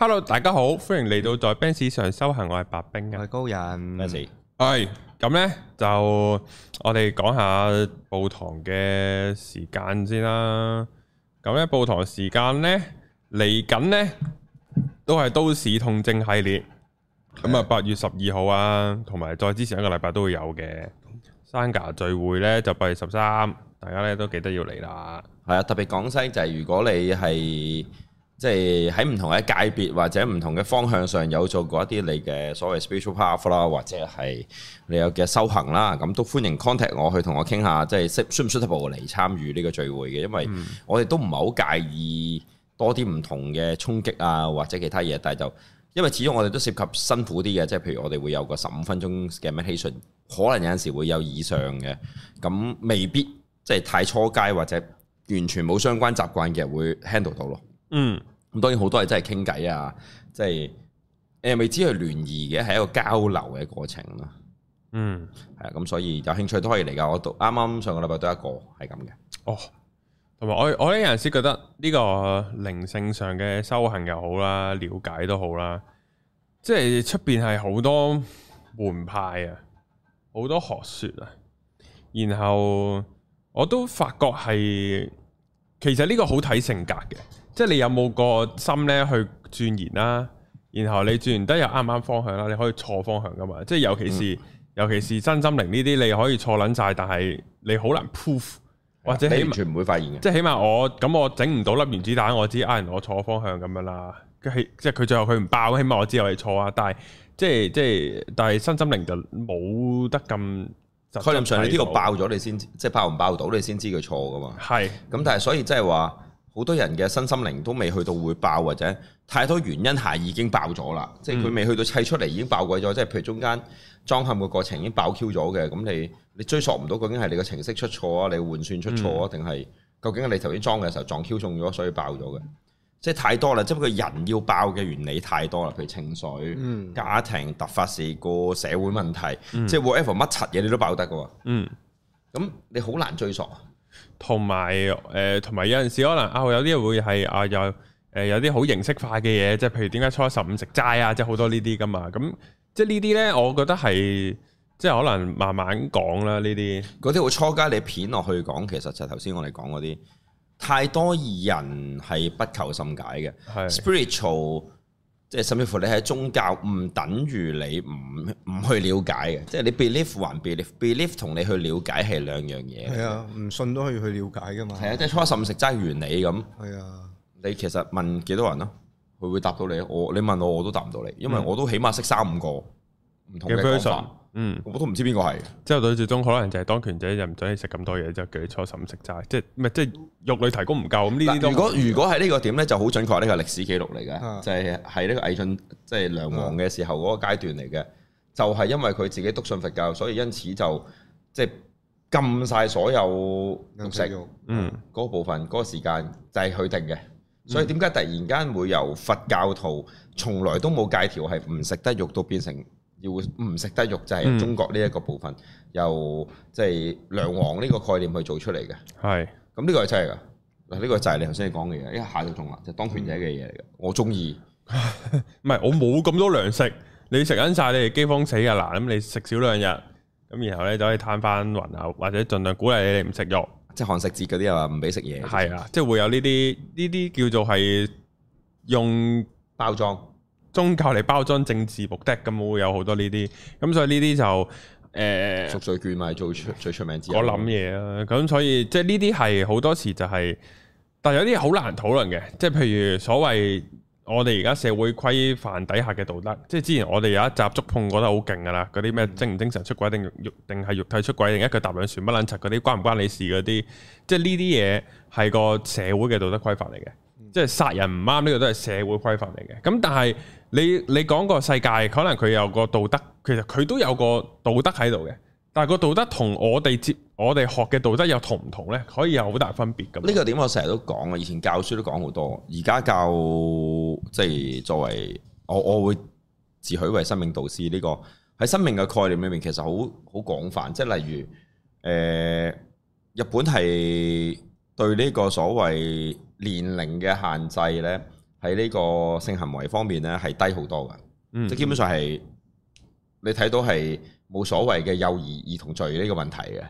Hello，大家好，歡迎嚟到在 Benz 上修行，我係白兵嘅啊，我高人，咩事、嗯？係咁咧，就我哋講下報堂嘅時間先啦。咁咧報堂時間咧嚟緊咧都係都市痛症系列。咁的啊，八月十二號啊，同埋再之前一個禮拜都會有嘅。Sangha 聚會咧就八月十三，大家咧都記得要嚟啦。係啊，特別講聲就係、是、如果你係。即係喺唔同嘅界別或者唔同嘅方向上有做過一啲你嘅所謂 spiritual path 啦，或者係你有嘅修行啦，咁都歡迎 contact 我去同我傾下，即係適唔適合嚟參與呢個聚會嘅？因為我哋都唔係好介意多啲唔同嘅衝擊啊，或者其他嘢，但係就因為始終我哋都涉及辛苦啲嘅，即係譬如我哋會有個十五分鐘嘅 meditation，可能有陣時會有以上嘅，咁未必即係太初階或者完全冇相關習慣嘅會 handle 到咯。嗯。.當然好多係真係傾偈啊，即係誒，你未知係聯誼嘅，係一個交流嘅過程咯。嗯，係啊，咁所以有興趣都可以嚟噶。我讀啱啱上個禮拜都一個係咁嘅。哦，同埋我我有陣時覺得呢個靈性上嘅修行又好啦，了解都好啦。即係出邊係好多門派啊，好多學說啊。然後我都發覺係，其實呢個好睇性格嘅。即係你有冇個心咧去鑽研啦，然後你鑽研得又啱唔啱方向啦？你可以錯方向噶嘛？即係尤其是、嗯、尤其是新心靈呢啲，你可以錯捻晒，但係你好難 proof，或者起你完全唔會發現嘅。即係起碼我咁我整唔到粒原子彈，我知啱人我錯方向咁樣啦。即係佢最後佢唔爆，起碼我知我係錯啊。但係即係即係，但係新心靈就冇得咁。佢唔想你呢度爆咗，爆爆你先即係爆唔爆到，你先知佢錯噶嘛。係咁是，但係所以即係話。好多人嘅身心靈都未去到會爆或者太多原因下已經爆咗啦，嗯、即係佢未去到砌出嚟已經爆鬼咗，即係譬如中間裝嵌個過程已經爆 Q 咗嘅，咁你你追索唔到究竟係你個程式出錯啊，你換算出錯啊，定係、嗯、究竟係你頭先裝嘅時候撞 Q 中咗所以爆咗嘅、嗯？即係太多啦，即係佢人要爆嘅原理太多啦，譬如情緒、嗯、家庭、突發事故、個社會問題，嗯、即係 whatever 乜柒嘢你都爆得嘅喎。嗯，咁、嗯、你好難追索啊。同埋誒，同埋有陣時可能啊，有啲會係啊，又誒，有啲好形式化嘅嘢，啊，即係譬如點解初十五食齋啊，即係好多呢啲㗎嘛。咁即係呢啲咧，我覺得係即係可能慢慢講啦，呢啲嗰啲會初階你片落去講，其實就頭先我哋講嗰啲太多人係不求甚解嘅是 spiritual。即係甚至乎你喺宗教唔等於你唔唔去了解嘅，即係你 believe 還 believe，believe 同你去了解係兩樣嘢。係啊，唔信都可以去了解噶嘛。係啊，啊即係初一十五食齋原理咁。係啊，你其實問幾多人咯、啊，佢會，會答到你。我你問我我都答唔到你，嗯、因為我都起碼識三五個唔同嘅講法。 嗯，我都唔知邊個係。之後到最終，可能就係當權者就唔準你食咁多嘢，就叫你初一十五食齋，即係即係肉類提供唔夠咁呢，如果如果喺呢個點咧，就好準確，呢個歷史記錄嚟嘅，啊、就係係呢個魏晉即係、就是、梁王嘅時候嗰個階段嚟嘅，啊、就係因為佢自己篤信佛教，所以因此就即係、就是、禁晒所有肉食，嗯，嗰部分嗰個時間就係佢定嘅。所以點解突然間會由佛教徒從來都冇戒條係唔食得肉，到變成？要唔食得肉就係、是、中國呢一個部分，嗯、由即係梁王呢個概念去做出嚟嘅。係是，咁呢個係真係㗎嗱，呢、這個就係你頭先講嘅嘢，一下就中啦，就是、當權者嘅嘢嚟嘅。我中意，唔係我冇咁多糧食，你食緊晒，你係饑荒死㗎喇，咁你食少兩日，咁然後咧就可以攤翻雲頭，或者儘量鼓勵你哋唔食肉，即係寒食節嗰啲又話唔俾食嘢，係啊，即、就、係、是、會有呢啲呢啲叫做係用包裝。宗教嚟包裝政治目的咁，會有好多呢啲咁，所以呢啲就誒，贖、呃、罪券咪做出最，最出名之。我諗嘢啦，咁所以即係呢啲係好多時就係、是，但係有啲好難討論嘅，即係譬如所謂我哋而家社會規範底下嘅道德，即係之前我哋有一集觸碰過得好勁噶啦，嗰啲咩精唔精神出軌定肉定係肉體出軌定一腳踏兩船不撚柒嗰啲關唔關你事嗰啲，即係呢啲嘢係個社會嘅道德規範嚟嘅，即係、嗯、殺人唔啱呢個都係社會規範嚟嘅，咁但係。你你講個世界，可能佢有個道德，其實佢都有個道德喺度嘅，但係個道德同我哋接，我哋學嘅道德又同唔同呢？可以有好大分別咁。呢個點我成日都講啊，以前教書都講好多，而家教即係、就是、作為我我會自詡為生命導師呢、這個喺生命嘅概念裏面，其實好好廣泛，即係例如誒、呃、日本係對呢個所謂年齡嘅限制呢。喺呢個性行為方面咧，係低好多噶，即基本上係你睇到係冇所謂嘅幼兒兒童罪呢個問題嘅，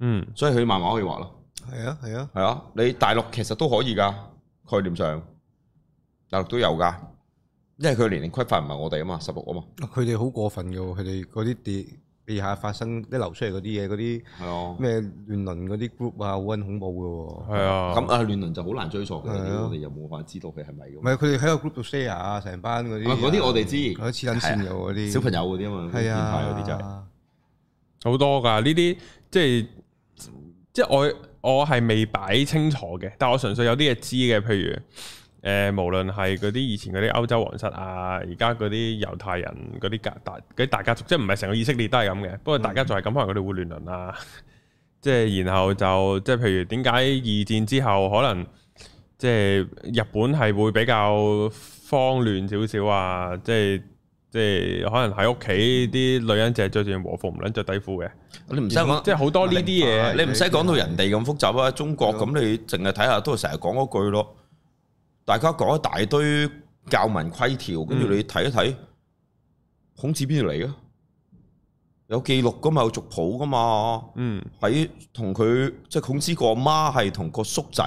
嗯，所以佢慢慢可以畫咯，係啊係啊，係啊，啊，你大陸其實都可以噶概念上，大陸都有噶，因為佢年齡規範唔係我哋啊嘛，十六啊嘛，佢哋好過分嘅喎，佢哋嗰啲啲。地下發生啲流出嚟嗰啲嘢，嗰啲咩亂倫嗰啲 group 啊，好撚恐怖嘅喎。啊，咁啊亂倫就好難追溯嘅，啊，我哋又冇法知道佢係咪唔係佢哋喺個 group 度 share 啊，成班嗰啲。嗰啲我哋知，嗰啲黐撚線嘅嗰啲小朋友嗰啲啊，變態嗰啲就係。係好多㗎。呢啲即係即係我我係未擺清楚嘅，但我純粹有啲嘢知嘅，譬如。誒，無論係嗰啲以前嗰啲歐洲皇室啊，而家嗰啲猶太人嗰啲家大啲大家族，即係唔係成個以色列都係咁嘅？不過大家就係咁可能佢哋會亂倫啊，即係然後就即係譬如點解二戰之後可能即係日本係會比較慌亂少少后啊？即係即係可能喺屋企啲女人淨係着住和服唔撚着底褲嘅，你唔使講，即係好多呢啲嘢，你唔使講到人哋咁複雜啊。中國咁、嗯、你淨係睇下都係成日講嗰句咯。大家講一大堆教民規條，跟住你睇一睇孔子邊度嚟啊？有記錄噶嘛，有族譜噶嘛。嗯，喺同佢即係孔子個阿媽係同個叔仔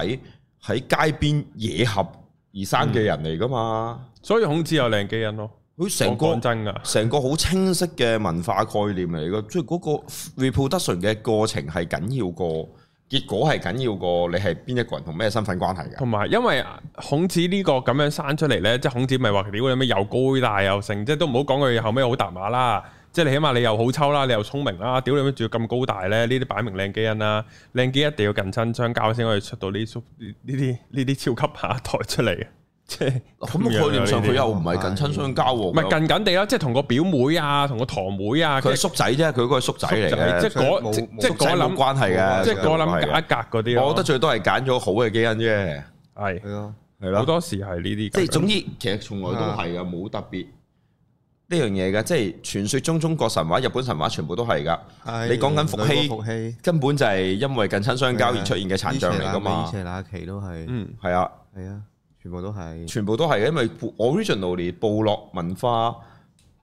喺街邊野合而生嘅人嚟噶嘛、嗯。所以孔子有靚嘅人咯。佢成個真㗎，成個好清晰嘅文化概念嚟嘅。即係嗰個 reproduction 嘅過程係緊要過。結果係緊要過你係邊一個人同咩身份關係嘅？同埋，因為孔子呢個咁樣生出嚟呢，即係孔子咪話屌你咩又高大又成，即係都唔好講佢後尾好大碼啦。即係你起碼你又好抽啦，你又聰明啦，屌你咩仲要咁高大呢，呢啲擺明靚基因啦，靚基因一定要近親相交先可以出到呢啲呢啲呢啲超級下一代出嚟。即係咁，概念上，佢又唔係近親相交喎，唔係近近地啦，即係同個表妹啊，同個堂妹啊，佢叔仔啫，佢嗰個叔仔嚟嘅，即係嗰即係嗰一諗關係嘅，即係嗰諗隔格嗰啲。我覺得最多係揀咗好嘅基因啫，係係咯，係咯，好多時係呢啲。即係總之，其實從來都係噶，冇特別呢樣嘢噶。即係傳說中中國神話、日本神話全部都係噶。你講緊伏羲，伏羲根本就係因為近親相交而出現嘅殘障嚟噶嘛？以前哪期都係，嗯，係啊，係啊。全部都係，全部都係嘅，因為我原嚟部落文化，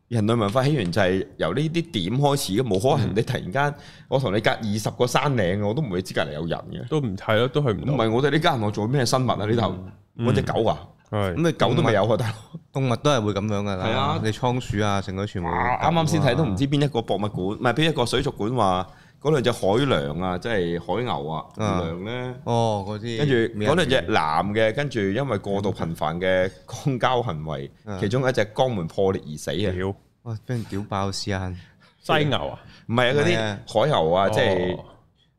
人類文化起源就係由呢啲點開始嘅，冇可能你突然間我同你隔二十個山嶺，我都唔會知隔籬有人嘅。都唔係咯，都係唔唔係我哋呢間我做咩生物啊？呢度、嗯，我隻狗啊，咁你、嗯、狗都未有啊，大佬動，動物都係會咁樣噶啦。係啊，你倉鼠啊，成個全部啱啱先睇都唔、啊、知邊一個博物館，唔係邊一個水族館話。嗰兩隻海涼啊，即係海牛啊，涼咧、嗯，呢哦嗰啲，跟住嗰兩隻男嘅，跟住因為過度頻繁嘅公交行為，嗯、其中一隻肛門破裂而死啊！哇、呃，俾人屌爆先，犀、呃呃、牛啊，唔係啊，嗰啲、呃、海牛啊，即係。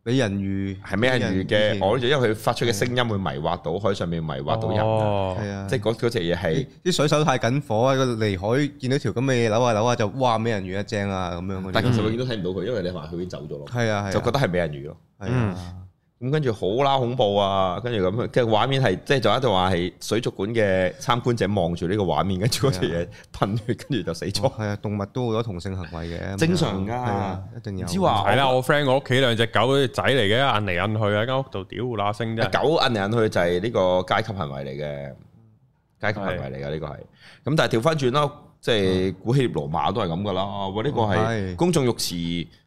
美人魚係美人魚嘅，我因為佢發出嘅聲音會迷惑到的海上面迷惑到人，係啊、哦，即係嗰嗰隻嘢係。啲水手太緊火啊！佢離海見到條咁嘅嘢，扭下扭下，就哇，美人魚一正啊咁樣。嗯、但係其實佢都睇唔到佢，因為你話佢已經走咗咯。係啊，就覺得係美人魚咯。的的咁跟住好啦，恐怖啊！跟住咁，即係畫面係，即係就喺、是、度話係水族館嘅參觀者望住呢個畫面，跟住嗰隻嘢噴血，跟住就死咗。係、哦、啊，動物都好多同性行為嘅，正常噶、啊，啊啊、一定有。唔止話，係啦不、啊，我 friend，我屋企兩隻狗仔嚟嘅，按嚟按去喺間屋度，屌乸聲啫。狗按嚟按去就係呢個階級行為嚟嘅，階級行為嚟噶呢個係。咁是但係調翻轉啦，即係、就是、古希臘羅馬都係咁噶啦。喂、啊，呢、啊啊這個係公眾浴池。是啊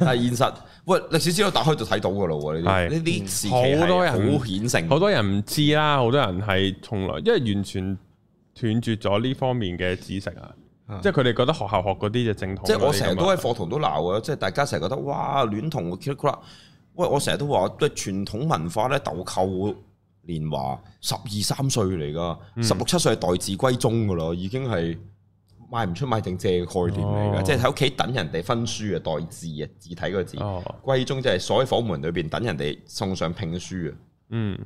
但係現實，喂歷史書我打開就睇到噶啦，呢啲呢啲時期係好顯性，好多人唔知啦，好多人係從、嗯、來，因為完全斷絕咗呢方面嘅知識啊，嗯、即係佢哋覺得學校學嗰啲就正統。即係我成日都喺課堂都鬧啊，嗯、即係大家成日覺得哇戀童嘅 killer 喂我成日都話即係傳統文化咧，豆蔻年華十二三歲嚟噶，十六七歲係待字閨中噶咯，已經係。賣唔出賣定借嘅概念嚟㗎，即係喺屋企等人哋分書啊，代字啊，字體個字。閨中即係鎖喺房門裏邊等人哋送上聘書啊。嗯，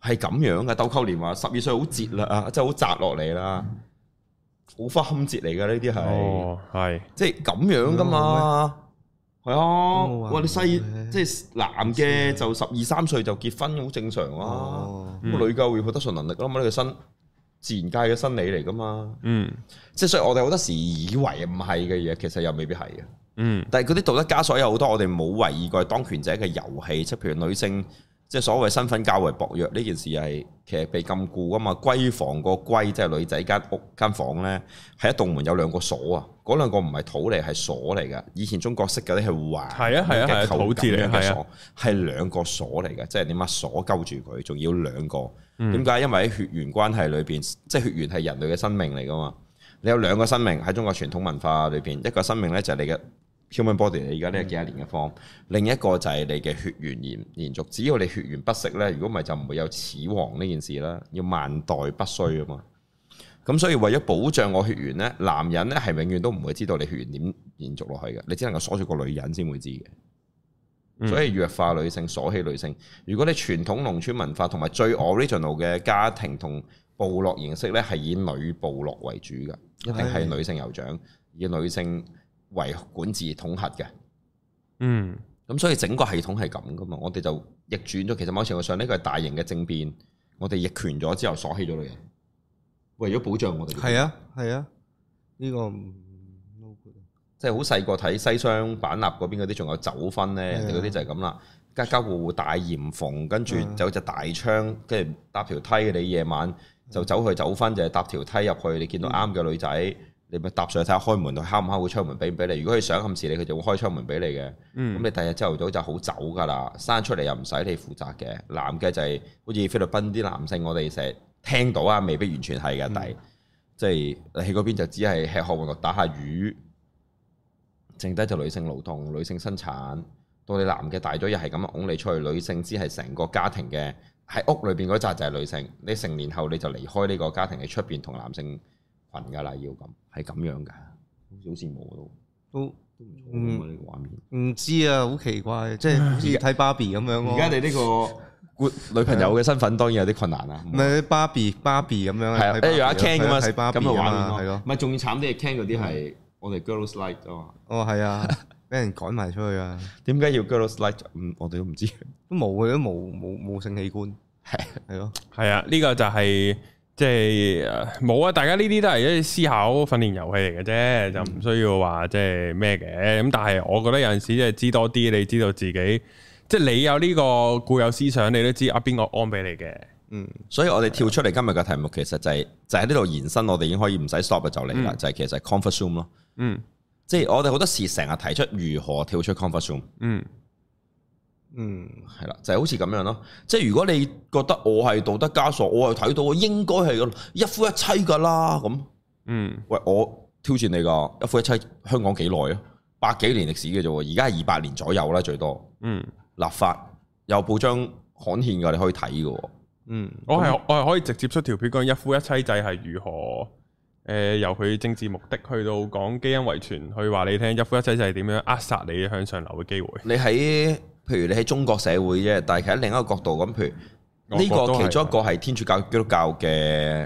係咁樣噶，豆蔻年華十二歲好折啦啊，即係好砸落嚟啦，好花堪折嚟噶呢啲係，係即係咁樣噶嘛。係啊，哇你細即係男嘅就十二三歲就結婚好正常啊。咁女嘅要好得上能力咯，咁呢個身。自然界嘅生理嚟㗎嘛，嗯，即係所以我哋好多時以為唔係嘅嘢，其實又未必係嘅，嗯，但係嗰啲道德枷鎖有好多，我哋冇為意過當權者嘅遊戲，即譬如女性。即係所謂身份較為薄弱呢件事係其實被禁錮㗎嘛，閨房個閨即係女仔間屋間房咧，係一棟門有兩個鎖啊，嗰兩個唔係土嚟係鎖嚟嘅。以前中國識嘅咧係環嘅土字樣嘅鎖，係兩個鎖嚟嘅，即係點啊鎖勾住佢，仲要兩個。點解？因為喺血緣關係裏邊，即係血緣係人類嘅生命嚟噶嘛。你有兩個生命喺中國傳統文化裏邊，一個生命咧就係你嘅。Human body 你而家咧幾多年嘅況、嗯，另一個就係你嘅血緣延延續。只要你血緣不息咧，如果唔係就唔會有死亡呢件事啦。要萬代不衰啊嘛。咁所以為咗保障我血緣咧，男人咧係永遠都唔會知道你血緣點延續落去嘅。你只能夠鎖住個女人先會知嘅。嗯、所以弱化女性，鎖起女性。如果你傳統農村文化同埋最 original 嘅家庭同部落形式咧，係以女部落為主噶，一定係女性酋長，唉以女性。為管治統合嘅，嗯，咁所以整個系統係咁噶嘛，我哋就逆轉咗。其實某程度上呢個係大型嘅政變，我哋逆權咗之後鎖起咗嘅嘢，為咗保障我哋。係啊、嗯，係、嗯、啊，呢個即係好細個睇西雙版納嗰邊嗰啲，仲有走婚咧，人哋嗰啲就係咁啦，家家戶戶大鹽房，跟住有隻大窗，跟住搭條梯你夜晚就走去走婚，就係、是、搭條梯入去，你見到啱嘅女仔。嗯你咪搭上去睇下開門，敲唔敲？會出門俾唔俾你？如果你想暗示你，佢就會開窗門俾你嘅。咁、嗯、你第二日朝頭早就好走㗎啦。生出嚟又唔使你負責嘅。男嘅就係好似菲律賓啲男性，我哋成日聽到啊，未必完全係嘅。嗯、但係即係喺嗰邊就只係吃喝玩樂打下魚，剩低就女性勞動、女性生產。到你男嘅大咗又係咁樣，拱你出去。女性只係成個家庭嘅喺屋裏邊嗰扎就係女性。你成年後你就離開呢個家庭喺出邊同男性。羣噶啦，要咁係咁樣嘅，好似好羨慕都都都唔錯啊！呢個畫面唔知啊，好奇怪，即係好似睇芭比咁樣咯。而家你呢個女朋友嘅身份當然有啲困難啦。唔係芭比，芭比咁樣，係啊，一樣阿 Ken 咁啊，咁嘅畫面係咯。咪仲要慘啲係 Ken 嗰啲係我哋 Girls Like 啊。哦，係啊，俾人趕埋出去啊。點解要 Girls Like？嗯，我哋都唔知。都冇嘅，都冇冇冇性器官，係係咯。係啊，呢個就係。即係冇啊！大家呢啲都係一啲思考訓練遊戲嚟嘅啫，就唔需要話即係咩嘅。咁但係我覺得有陣時即係知多啲，你知道自己即係你有呢個固有思想，你都知啊邊個安俾你嘅。嗯，所以我哋跳出嚟今日嘅題目，其實就係就喺呢度延伸，我哋已經可以唔使 stop 就嚟啦。就係、嗯、其實係 comfort zone 咯。嗯，即係我哋好多時成日提出如何跳出 comfort zone。嗯。嗯，係啦，就係、是、好似咁樣咯。即係如果你覺得我係道德枷鎖，我係睇到我應該係一夫一妻噶啦咁。嗯，喂，我挑戰你噶一夫一妻，香港幾耐啊？百幾年歷史嘅啫，而家係二百年左右啦，最多。嗯，立法有報章刊憲噶，你可以睇噶。嗯，樣我係我係可以直接出條片講一夫一妻制係如何？誒、呃，由佢政治目的去到講基因遺傳，去話你聽一夫一妻制係點樣扼殺你向上流嘅機會。你喺？譬如你喺中國社會啫，但係喺另一個角度咁，譬如呢個其中一個係天主教、基督教嘅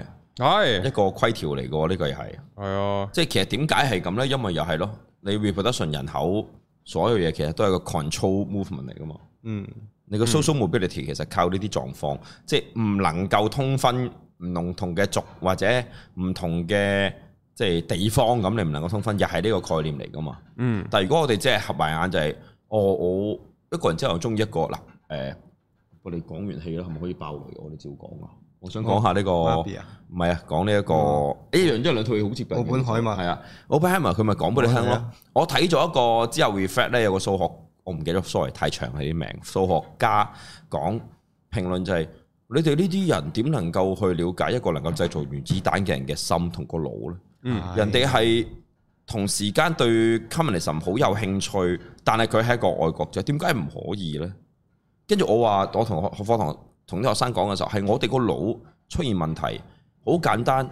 一個規條嚟嘅喎，呢的個又係。係啊的，即係其實點解係咁咧？因為又係咯，你 reproduction 人口所有嘢其實都係個 control movement 嚟噶嘛。嗯，你個 social mobility 其實靠呢啲狀況，嗯、即係唔能夠通婚唔同同嘅族或者唔同嘅即係地方咁，你唔能夠通婚，又係呢個概念嚟噶嘛。嗯，但係如果我哋即係合埋眼就係、是哦，我我。一個人之後中意一個嗱，誒、呃，我哋講完戲啦，係咪可以爆雷？我哋照講啊，我想講下呢、這個，唔係啊，講呢一個，一又即係兩套嘢好似近。奧本海，啊嘛，係啊，奧本海咪佢咪講俾你聽咯。我睇咗一個之後 reflect 咧，有個數學，我唔記得，sorry，太長係啲名，數學家講評論就係、是，你哋呢啲人點能夠去了解一個能夠製造原子彈嘅人嘅心同個腦咧？嗯，哎、呀人哋係。同時間對 communism 好有興趣，但係佢係一個外國者，點解唔可以呢？跟住我話，我同學我同一學生講嘅時候，係我哋個腦出現問題，好簡單。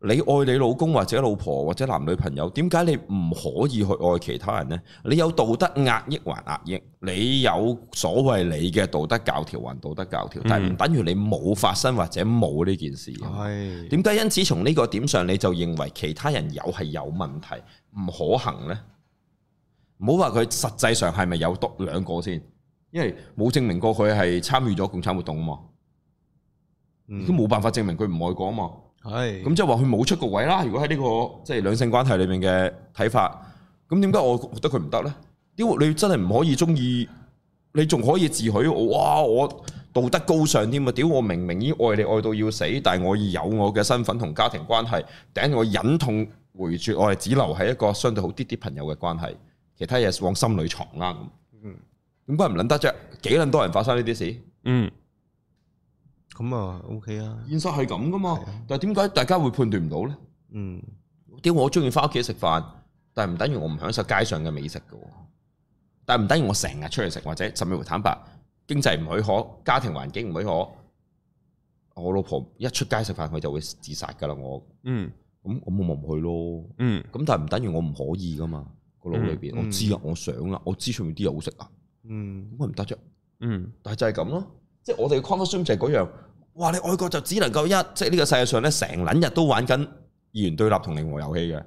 你愛你老公或者老婆或者男女朋友，點解你唔可以去愛其他人呢？你有道德壓抑還壓抑，你有所謂你嘅道德教條還道德教條，嗯、但係唔等於你冇發生或者冇呢件事。係點解？因此從呢個點上，你就認為其他人有係有問題，唔可行呢？唔好話佢實際上係咪有多兩個先，因為冇證明過佢係參與咗共產活動啊嘛，都冇、嗯、辦法證明佢唔愛過啊嘛。係，咁即係話佢冇出過位啦。如果喺呢個即係兩性關係裏面嘅睇法，咁點解我覺得佢唔得呢？屌，你真係唔可以中意，你仲可以自詡我哇，我道德高尚添啊！屌，我明明已愛你愛到要死，但係我已有我嘅身份同家庭關係，頂我忍痛回絕，我係只留喺一個相對好啲啲朋友嘅關係，其他嘢往心裏藏啦。咁，咁嗰係唔捻得啫？幾撚多人發生呢啲事？嗯。咁啊，OK 啊！現實係咁噶嘛，但係點解大家會判斷唔到咧？嗯，點我中意返屋企食飯，但係唔等於我唔享受街上嘅美食噶。但係唔等於我成日出去食，或者甚至乎坦白，經濟唔許可，家庭環境唔許可，我老婆一出街食飯佢就會自殺噶啦。我嗯，咁我咪唔去咯。嗯，咁但係唔等於我唔可以噶嘛。個腦裏邊我知啊，嗯、我想啦，我知上面啲嘢好食啊。嗯，咁我唔得啫。嗯，但係就係咁咯，即係我哋嘅 consumer 就係嗰樣。哇！你外國就只能夠一即係呢個世界上咧，成撚日都玩緊二元對立同零和遊戲嘅，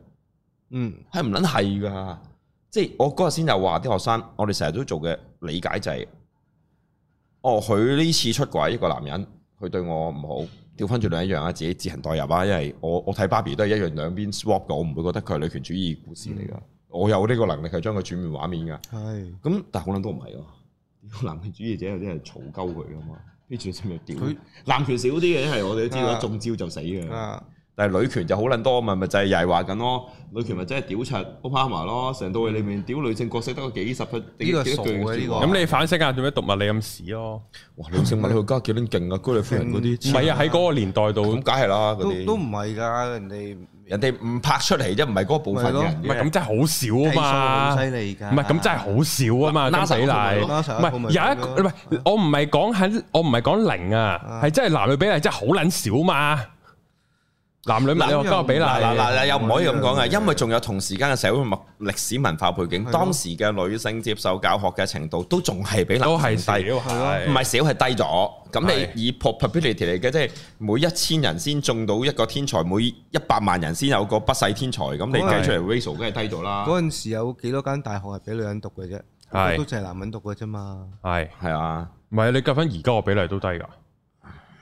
嗯，係唔撚係噶？即係我嗰日先又話啲學生，我哋成日都做嘅理解就係、是，哦，佢呢次出軌一、個男人，佢對我唔好，調翻轉兩樣啊，自己自行代入啊，因為我我睇芭比都係一樣兩邊 swap 嘅，我唔會覺得佢係女權主義故事嚟㗎，嗯、我有呢個能力係將佢轉換畫面㗎，係是，咁但係好撚都唔係喎，男權主義者有啲係嘈鳩佢㗎嘛。 啲男權少啲嘅，因為我哋都知道，中招就死嘅。但係女權就好撚多，咪咪就係又係話緊咯。女權咪真係屌柒奧巴馬咯，成套戲裏面屌女性角色得個幾十分，呢個傻嘅。咁你反思下做咩讀物理咁屎咯？哇，女性物理佢家幾撚勁啊？居里夫人嗰啲，唔係啊，喺嗰個年代度，咁梗係啦，啲，都唔係㗎，人哋。人哋唔拍出嚟啫，唔係嗰部分嘅，唔係咁真係好少啊嘛！睇數好犀利㗎，唔係咁真係好少啊嘛！拉死你，唔係有一個，唔係我唔係講係，我唔係講零啊，係、啊、真係男女比例真係好撚少嘛！男女唔係我而家個比例，嗱嗱嗱又唔可以咁講啊！因為仲有同時間嘅社會物歷史文化背景，當時嘅女性接受教學嘅程度都仲係比男低，都係少，係咯，唔係少係低咗。咁你以 probability 嚟嘅，即係每一千人先中到一個天才，每一百萬人先有個不世天才。咁你計出嚟 ratio，梗係低咗啦。嗰陣時有幾多間大學係俾女人讀嘅啫？係都係男人讀嘅啫嘛。係係啊，唔係你計翻而家個比例都低㗎。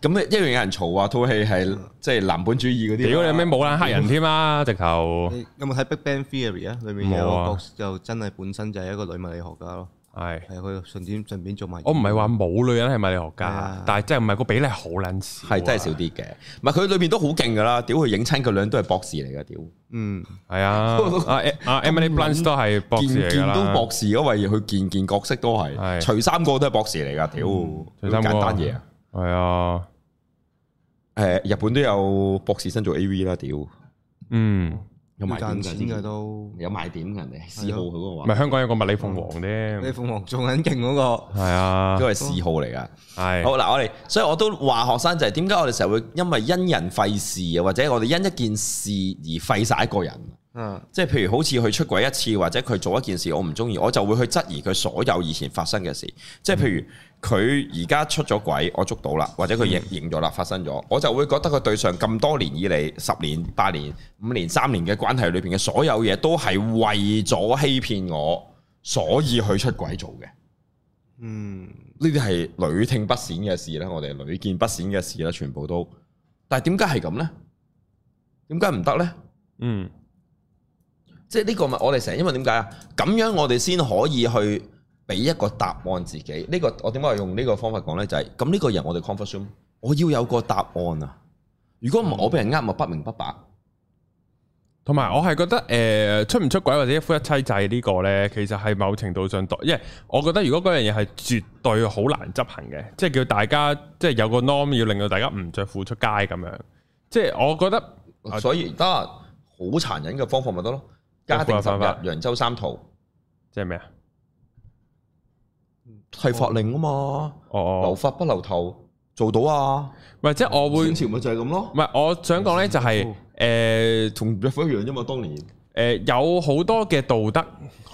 咁一路有人嘈，話套戲係即係男本主義嗰啲。屌有咩冇拉黑人添啊？直頭有冇睇《Big Bang Theory》啊？裡面有個角色就真係本身就係一個女物理學家咯。係係佢順便順便做埋。我唔係話冇女人係物理學家，但係即係唔係個比例好撚少。係真係少啲嘅，唔係佢裡面都好勁噶啦。屌佢影親個女人都係博士嚟噶，屌。嗯，係啊，阿 Emily Blunt 都係博士嚟，件件博士。如果佢件件角色都係，除三個都係博士嚟噶，屌咁簡單嘢啊！係啊，誒，日本都有博士生做 AV 啦，嗯，屌，嗯，有賣點嘅都有賣點，人哋嗜好好嘅話，唔係、那個啊、香港有個物理鳳凰啫，物理鳳凰仲咁勁嗰個，係、嗯、啊，都係嗜、哦、好嚟噶，係。好嗱，我哋，所以我都話學生就係點解我哋成日會因為因人廢事，又或者我哋因一件事而廢晒一個人，嗯，即係譬如好似佢出軌一次，或者佢做一件事我唔中意，我就會去質疑佢所有以前發生嘅事，即係譬如。嗯佢而家出咗軌，我捉到啦，或者佢認認咗啦，發生咗，我就會覺得佢對上咁多年以嚟，十年、八年、五年、三年嘅關係裏邊嘅所有嘢，都係為咗欺騙我，所以去出軌做嘅。嗯，呢啲係屢聽不鮮嘅事啦，我哋係屢見不鮮嘅事啦，全部都。但係點解係咁呢？點解唔得呢？嗯，即係呢個咪我哋成日因為點解啊？咁樣我哋先可以去。俾一個答案自己，呢、呢個我點解用呢個方法講呢？就係咁呢個人，我哋 comfort zone 我要有個答案啊！嗯、如果唔係我俾人呃，咪不明不白。同埋、嗯、我係覺得，誒、呃、出唔出軌或者一夫一妻制呢個呢，其實係某程度上，因為我覺得如果嗰樣嘢係絕對好難執行嘅，即係叫大家即係有個 norm 要令到大家唔着褲出街咁樣。即係我覺得，嗯、所以得好、啊、殘忍嘅方法咪得咯？嘉定十日，揚州三屠，即係咩啊？係法令啊嘛，哦、留髮不留頭做到啊，或者我會，清朝咪就係咁咯。唔係我想講咧就係、是，誒，呃、同若夫一樣啫嘛。當年誒、呃，有好多嘅道德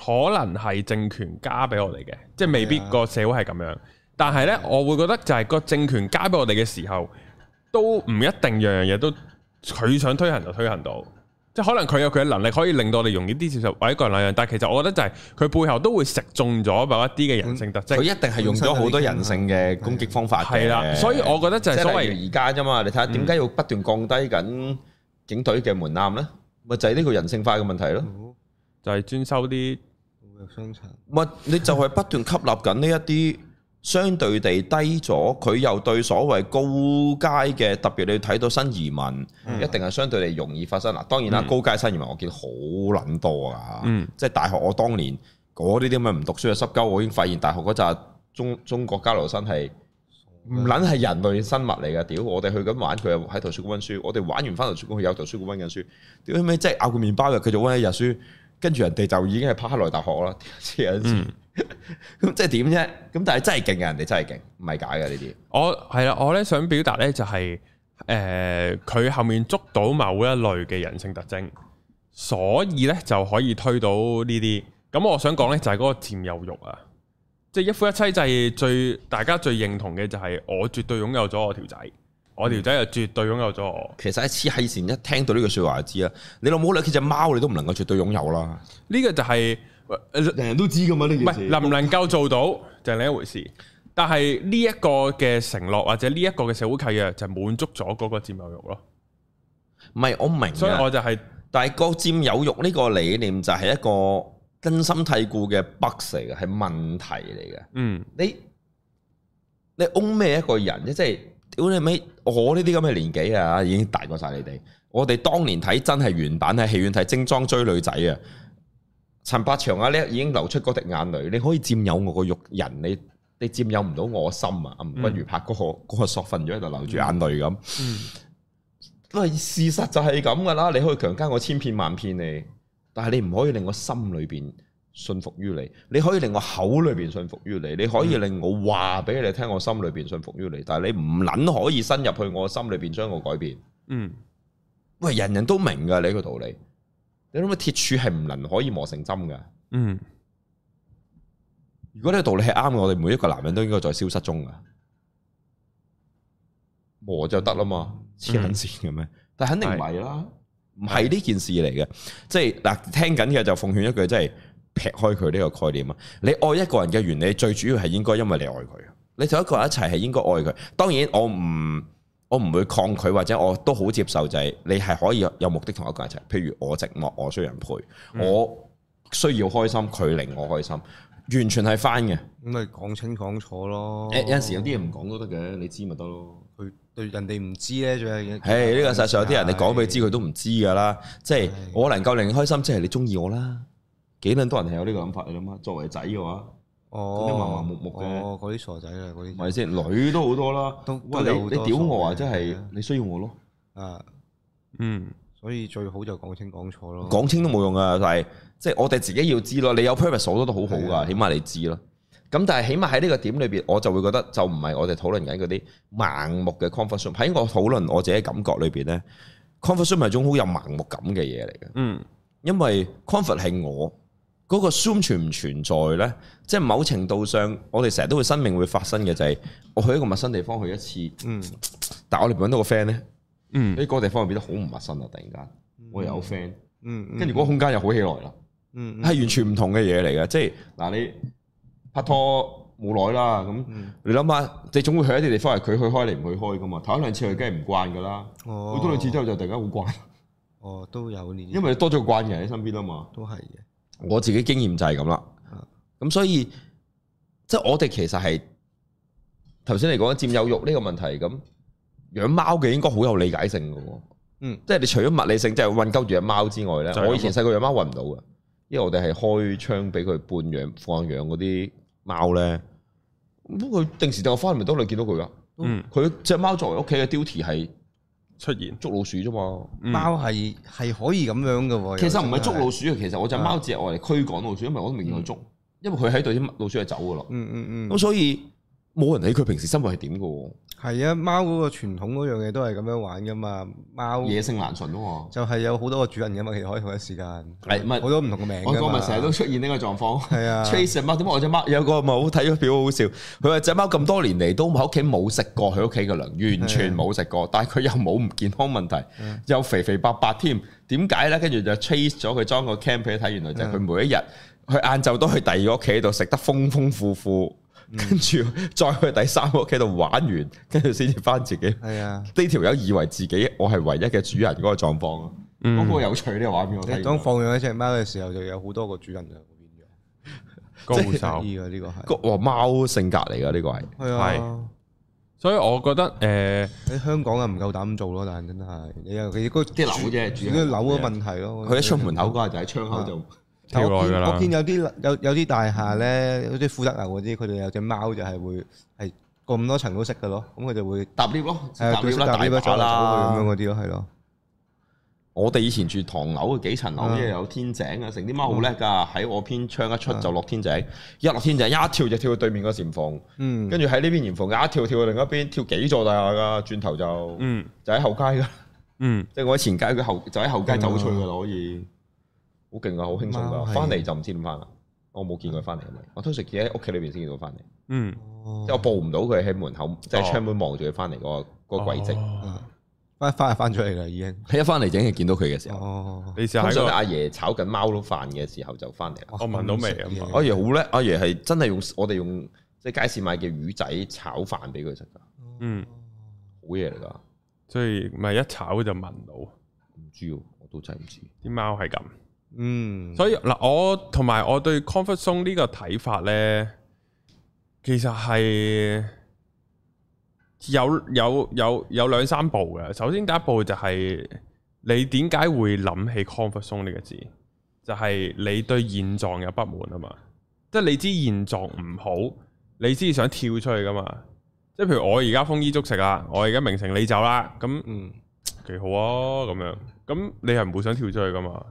可能係政權加俾我哋嘅，嗯、即係未必個社會係咁樣。嗯、但係咧，嗯、我會覺得就係個政權加俾我哋嘅時候，都唔一定樣樣嘢都佢想推行就推行到。即係可能佢有佢嘅能力可以令到我哋容易啲接受或者各樣嘢，但係其實我覺得就係佢背後都會食中咗某一啲嘅人性特質，佢一定係用咗好多人性嘅攻擊方法。係啦，所以我覺得就係所謂而家啫嘛，你睇下點解要不斷降低緊警隊嘅門檻咧？咪就係呢個人性化嘅問題咯，就係專收啲暴力傷殘。咪你就係不斷吸納緊呢一啲。相對地低咗，佢又對所謂高階嘅，特別你睇到新移民，一定係相對地容易發生。嗱，當然啦，高階新移民我見好撚多啊，嚇！即係大學我當年嗰啲啲咁嘅唔讀書嘅濕鳩，我已經發現大學嗰扎中中國交流生係唔撚係人類生物嚟㗎。屌，我哋去咁玩，佢又喺圖書館温書。我哋玩完翻圖書館，佢有圖書館温緊書。屌咩，即係咬個麵包嘅，佢就温一日書。跟住人哋就已經係帕克萊大學啦，知唔知？咁 即係點啫？咁但係真係勁嘅，人哋真係勁，唔係假嘅呢啲。我係啦，我咧想表達咧就係、是，誒、呃，佢後面捉到某一類嘅人性特徵，所以咧就可以推到呢啲。咁我想講咧就係嗰個佔有欲啊，即、就、係、是、一夫一妻制。最大家最認同嘅，就係我絕對擁有咗我條仔，嗯、我條仔又絕對擁有咗我。其實一黐閪線，一聽到呢句說話就知啦。你老母你屋企隻貓你都唔能夠絕對擁有啦，呢個就係、是。人人都知噶嘛呢件事？是能唔能夠做到 就係另一回事。但係呢一個嘅承諾或者呢一個嘅社會契約就滿足咗嗰個佔有慾咯。唔係我唔明，所以我就係、是，但係個佔有慾呢個理念就係一個根深蒂固嘅 box 嚟嘅，係問題嚟嘅。嗯，你你嗡咩一個人啫？即係屌你咪，我呢啲咁嘅年紀啊，已經大過晒你哋。我哋當年睇真係原版喺戲院睇精裝追女仔啊！陳百祥啊，你已經流出嗰滴眼淚，你可以佔有我個肉人，你你佔有唔到我心啊，嗯、不如拍嗰個個索瞓咗喺度流住眼淚咁、嗯。嗯，係事實就係咁噶啦，你可以強姦我千遍萬遍，你，但係你唔可以令我心裏邊信服於你，你可以令我口裏邊信服於你，你可以令我話俾你聽我心裏邊信服於你，但係你唔捻可以深入去我心裏邊將我改變。嗯，喂，人人都明噶你個道理。你諗下鐵柱係唔能可以磨成針嘅？嗯，如果呢個道理係啱嘅，我哋每一個男人都應該在消失中嘅，磨就得啦嘛，黐唔黐線嘅咩？嗯、但係肯定唔係啦，唔係呢件事嚟嘅。即係嗱，聽緊嘅就奉勸一句，即係劈開佢呢個概念啊！你愛一個人嘅原理，最主要係應該因為你愛佢，你同一個人一齊係應該愛佢。當然我，我唔。我唔會抗拒，或者我都好接受，就係、是、你係可以有目的同一個人一齊。譬如我寂寞，我需要人陪，嗯、我需要開心，佢令我開心，完全係翻嘅。咁咪講清講楚咯。欸、有陣時有啲嘢唔講都得嘅，你知咪得咯？佢、嗯、對人哋唔知咧，最係嘅。呢、欸這個世上有啲人你，你講俾知佢都唔知噶啦。即係的我能夠令你開心，即、就、係、是、你中意我啦。幾捻多人係有呢個諗法嚟噶嘛？作為仔嘅話。哦，啲麻麻木木嘅，嗰啲，哦，傻仔是啊，嗰啲。咪先，女都好多啦。喂，你你屌我啊，即係你需要我咯。啊，嗯，所以最好就講清講楚咯。講清都冇用啊，但係即係我哋自己要知咯。你有 purpose，我都都好好噶，的起碼你知咯。咁但係起碼喺呢個點裏邊，我就會覺得就唔係我哋討論緊嗰啲盲目嘅 confusion。喺我討論我自己感覺裏邊咧，confusion 係一種好有盲目感嘅嘢嚟嘅。嗯，因為 confusion 係我。嗰個 zone 存唔存在咧？即係某程度上，我哋成日都會生命會發生嘅就係、是，我去一個陌生地方去一次，嗯，但係我哋搵到個 friend 咧，嗯，喺個地方又變得好唔陌生啊！突然間我，我又有 friend，嗯，跟住嗰個空間又好起來啦，嗯，嗯，係完全唔同嘅嘢嚟嘅。即係嗱，你拍拖冇耐啦，咁你諗下，你總會去一啲地方係佢去開，你唔去開噶嘛？頭一兩次佢梗係唔慣噶啦，哦，去多兩次之後就突然間好慣，哦，都有呢， 因為你多咗個慣嘅人喺身邊啊嘛，都係嘅。我自己經驗就係咁啦，咁所以即係我哋其實係頭先嚟講佔有慾呢個問題，咁養貓嘅應該好有理解性㗎喎，嗯，即係你除咗物理性即係困鳩住隻貓之外咧，以我以前細個養貓困唔到嘅，因為我哋係開窗俾佢半養放養嗰啲貓咧，不過佢定時就我翻嚟都嚟見到佢啦，嗯，佢隻貓作為屋企嘅 duty 係。出現捉老鼠啫嘛，嗯、貓係係可以咁樣嘅喎、啊。其實唔係捉老鼠啊，其實我就貓只係我嚟驅趕老鼠，因為我都未見佢捉，嗯、因為佢喺度啲老鼠係走㗎喇、嗯。嗯嗯嗯，咁所以。冇人理佢平時生活係點嘅喎？係啊，貓嗰個傳統嗰樣嘢都係咁樣玩嘅嘛。貓野性難馴啊，就係有好多個主人嘅嘛。其實可以同一時間係唔係好多唔同嘅名，我講咪成日都出現呢個狀況。係啊，Chase 隻貓點解我隻貓有個咪好睇嘅表好笑？佢話隻貓咁多年嚟都喺屋企冇食過，佢屋企嘅糧完全冇食過，但係佢又冇唔健康問題，又肥肥白白添。點解咧？跟住就 Chase 咗佢裝個 cam 俾佢睇，原來就係佢每一日，佢晏晝都去第二個屋企度食得豐豐富富。跟住再去第三個屋企度玩完，跟住先至翻自己。係啊，呢條友以為自己我係唯一嘅主人嗰個狀況啊。嗯，好有趣呢個畫面。即係當放養一隻貓嘅時候，就有好多個主人喺嗰邊嘅。即係得意嘅呢個係。哇，貓性格嚟㗎呢個係。係啊，所以我覺得誒喺香港啊唔夠膽咁做咯，但係真係你又佢嗰啲樓啫，樓嘅問題咯。佢一出門口嗰下就喺窗口就。我見有啲有有啲大廈咧，有啲富德樓嗰啲，佢哋有隻貓就係會係咁多層都識嘅咯。咁佢就會搭 lift 咯，搭 lift 啦，搭 lift 啦咁樣嗰啲咯，係咯。我哋以前住唐樓嘅幾層樓，即係有天井啊，成啲貓好叻㗎，喺我邊窗一出就落天井，一落天井一跳就跳到對面個檐房，嗯，跟住喺呢邊檐房一跳跳到另一邊，跳幾座大廈㗎，轉頭就嗯就喺後街㗎，嗯，即係我喺前街，佢後就喺後街走出去可以。好勁啊！好輕鬆噶，翻嚟就唔知點翻啦。我冇見佢翻嚟啊！我通常企喺屋企裏邊先見到翻嚟。嗯，即係我報唔到佢喺門口，即係窗門望住佢翻嚟嗰個軌跡。翻翻係翻咗嚟啦，已經。佢一翻嚟淨係見到佢嘅時候。你試下，係阿爺炒緊貓都飯嘅時候就翻嚟。我聞到味。阿爺好叻，阿爺係真係用我哋用即係街市買嘅魚仔炒飯俾佢食噶。嗯，好嘢嚟㗎。所以咪一炒就聞到。唔知喎，我都真係唔知。啲貓係咁。嗯，所以嗱，我同埋我對 comfort zone 個呢個睇法咧，其實係有有有有兩三步嘅。首先第一步就係你點解會諗起 comfort zone 呢個字？就係、是、你對現狀有不滿啊嘛，即、就、係、是、你知現狀唔好，你先至想跳出去噶嘛。即係譬如我而家豐衣足食啊，我而家名成利就啦，咁嗯，幾好啊，咁樣咁你係唔會想跳出去噶嘛？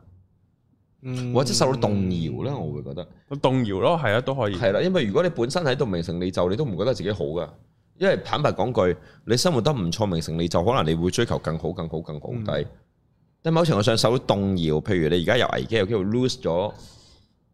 或者受到動搖咧，我會覺得動搖咯，係啊，都可以。係啦，因為如果你本身喺度名成利就，你都唔覺得自己好噶。因為坦白講句，你生活得唔錯，名成利就，可能你會追求更好、更好、更好啲。但，嗯、但某程度上受到動搖，譬如你而家有危機，有機會 lose 咗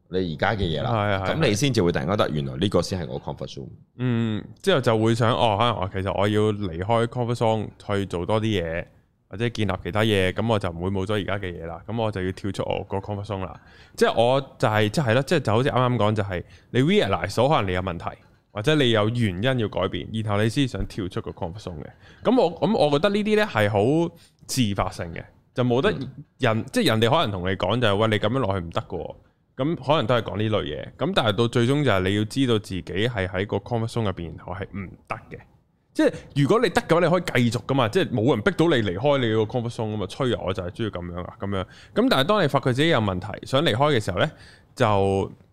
你而家嘅嘢啦。咁的你先至會突然覺得原來呢個先係我 comfort zone。嗯，之後就會想，哦，可能我其實我要離開 comfort zone，去做多啲嘢。或者建立其他嘢，咁我就唔會冇咗而家嘅嘢啦。咁我就要跳出我個 comfort zone 啦。即係我就係即係咯，即係、就係、就好似啱啱講就係、係、你 realise 可能你有問題，或者你有原因要改變，然後你先想跳出個 comfort zone 嘅。咁我咁我覺得呢啲咧係好自發性嘅，就冇得、嗯、人即係人哋可能同你講就係、係、喂，你咁樣落去唔得嘅，咁可能都係講呢類嘢。咁但係到最終就係你要知道自己係喺個 comfort zone 入邊，我係唔得嘅。即係如果你得嘅話，你可以繼續噶嘛。即係冇人逼到你離開你個 comfort zone 啊嘛。吹我就係中意咁樣啊，咁樣。咁但係當你發覺自己有問題想離開嘅時候咧，就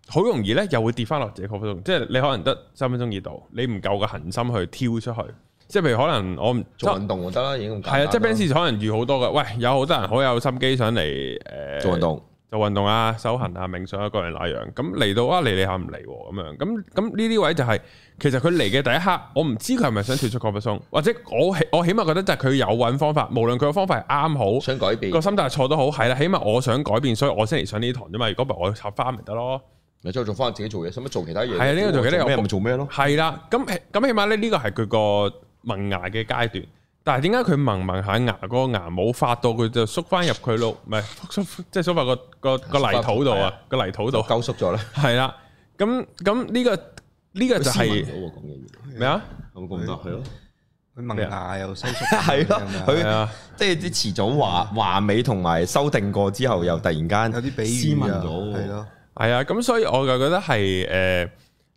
好容易咧又會跌翻落自己 comfort zone。即係你可能得三分鐘熱度，你唔夠嘅恒心去跳出去。即係譬如可能我唔做運動就得啦就，已經咁簡單。係啊，即係 Benz 可能遇好多嘅。喂，有好多人好有心機想嚟誒、呃、做運動。做運動啊、修行啊、冥想啊、各人那樣，咁嚟到啊嚟嚟下唔嚟咁樣，咁咁呢啲位就係、是、其實佢嚟嘅第一刻，我唔知佢係咪想跳出 comfort zone，或者我起我起碼覺得就係佢有揾方法，無論佢嘅方法係啱好想改變個心態係錯都好，係啦，起碼我想改變，所以我先嚟上呢堂啫嘛，如果唔係我插翻咪得咯，你再做翻自己做嘢，使乜做其他嘢？係啊，呢、這個做其他嘢做咩咯？係啦，咁咁起碼咧呢、這個係佢個萌芽嘅階段。但係點解佢掹掹下牙嗰個牙冇發到，佢就縮翻入佢囉，唔係即係縮翻個個個泥土度啊，個泥土度收縮咗咧。係啦，咁咁呢個呢個就係咩啊？咁咁係咯，佢掹牙又收縮。係咯，係啊，即係啲遲早話話尾同埋修訂過之後，又突然間有啲比喻。係咯，係啊，咁所以我就覺得係誒，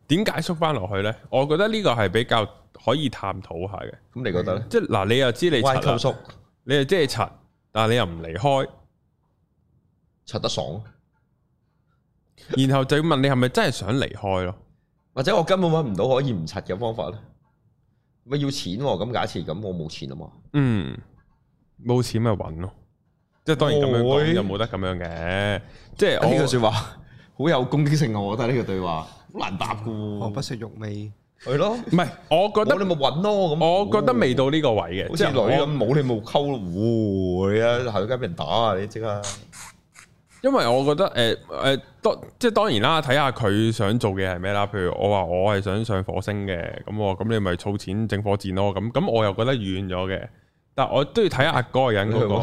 點解縮翻落去咧？我覺得呢個係比較。可以探討下嘅，咁、嗯、你覺得咧？即係嗱，你又知你拆叔，惰你，你，你又即係拆，但係你又唔離開，拆得爽， 然後就要問你係咪真係想離開咯？或者我根本揾唔到可以唔拆嘅方法咧？咪要錢喎、啊？咁假設咁，我冇錢啊嘛？嗯，冇錢咪揾咯。即係當然咁樣講又冇得咁樣嘅。即係呢個說話好有攻擊性，我覺得呢個對話好難答噶。我不食肉味。係咯，唔係，是我覺得 你咪搵咯。咁我覺得未到呢個位嘅，好似女咁冇你冇溝啊，行街俾人打啊，你即刻。 因為我覺得誒誒，當、呃呃、即係當然啦，睇下佢想做嘅係咩啦。譬如我話我係想上火星嘅，咁我咁你咪儲錢整火箭咯。咁咁我又覺得遠咗嘅，但係我都要睇下嗰個人有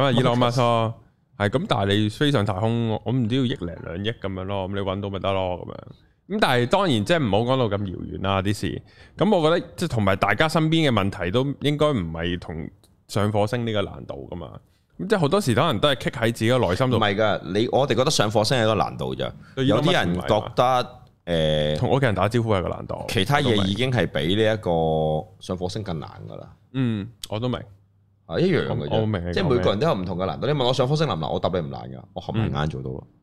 啊，Elon Musk 係咁。但係你飛上太空，我唔知要億零兩億咁樣咯。咁你搵到咪得咯咁樣。咁但係當然即係唔好講到咁遙遠啦啲事，咁我覺得即係同埋大家身邊嘅問題都應該唔係同上火星呢個難度噶嘛，咁即係好多時可能都係棘喺自己嘅內心度。唔係噶，你我哋覺得上火星係個難度咋，有啲人覺得誒，同屋企人打招呼係個難度，其他嘢已經係比呢一個上火星更難噶啦。嗯，我都明啊，一樣嘅，我明，即係每個人都有唔同嘅難度。你問我上火星難唔難？我答你唔難噶，我合埋眼做到咯。嗯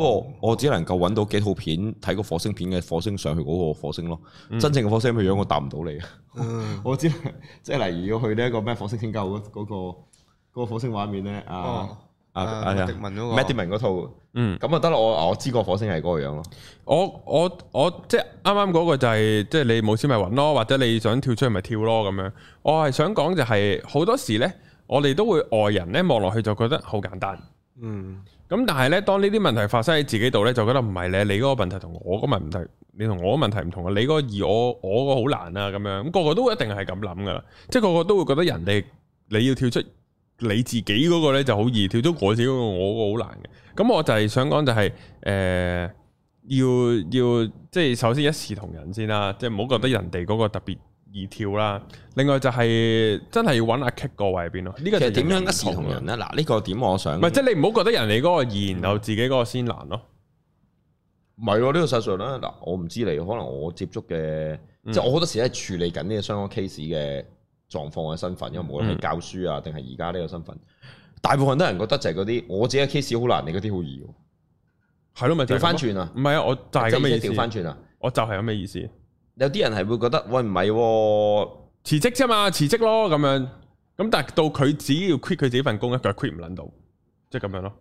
不過我只能夠揾到幾套片睇個火星片嘅火星上去嗰個火星咯，嗯、真正嘅火星咩樣我答唔到你啊！嗯、 我只能，即係例如，如果去呢一個咩火星星救嗰嗰個、嗰個火星畫面咧啊、哦、啊，麥、啊啊、迪文嗰、嗰個，麥、啊、迪文嗰套，嗯，咁啊得啦，我啊我知個火星係嗰個樣咯。我我我即係啱啱嗰個就係、是、即係你冇錢咪揾咯，或者你想跳出去咪跳咯咁樣。我係想講就係、是、好多時咧，我哋都會外人咧望落去就覺得好簡單。嗯，咁但係咧，當呢啲問題發生喺自己度咧，就覺得唔係你。你嗰個問題同我個問題，你同我嘅問題唔同啊，你個易我我個好難啊，咁樣，咁個個都一定係咁諗噶啦，即係個個都會覺得人哋你要跳出你自己嗰個咧就好易，跳出我自己，嗰個我個好難嘅，咁我就係想講就係，是，誒，呃，要要即係首先一視同仁先啦，即係唔好覺得人哋嗰個特別。易跳啦，另外就係真係要揾阿 kick 個位喺邊咯。呢個其實點樣一視同仁咧？嗱，呢個點我想唔係即係你唔好覺得人哋嗰個易，然後自己嗰個先難咯。唔係呢個事實啦。嗱，我唔知你可能我接觸嘅，即係我好多時係處理緊呢個相關 case 嘅狀況嘅身份，因為無論係教書啊，定係而家呢個身份。大部分都人覺得就係嗰啲我自己嘅 case 好難，你嗰啲好易。係咯，咪調翻轉啊！唔係啊，我就係咁嘅意思。調翻轉啊！我就係咁嘅意思。有啲人係會覺得，喂唔係，辭職啫嘛，辭職咯咁樣。咁但係到佢只要 quit 佢自己份工，一腳 quit 唔捻到，即係咁樣咯。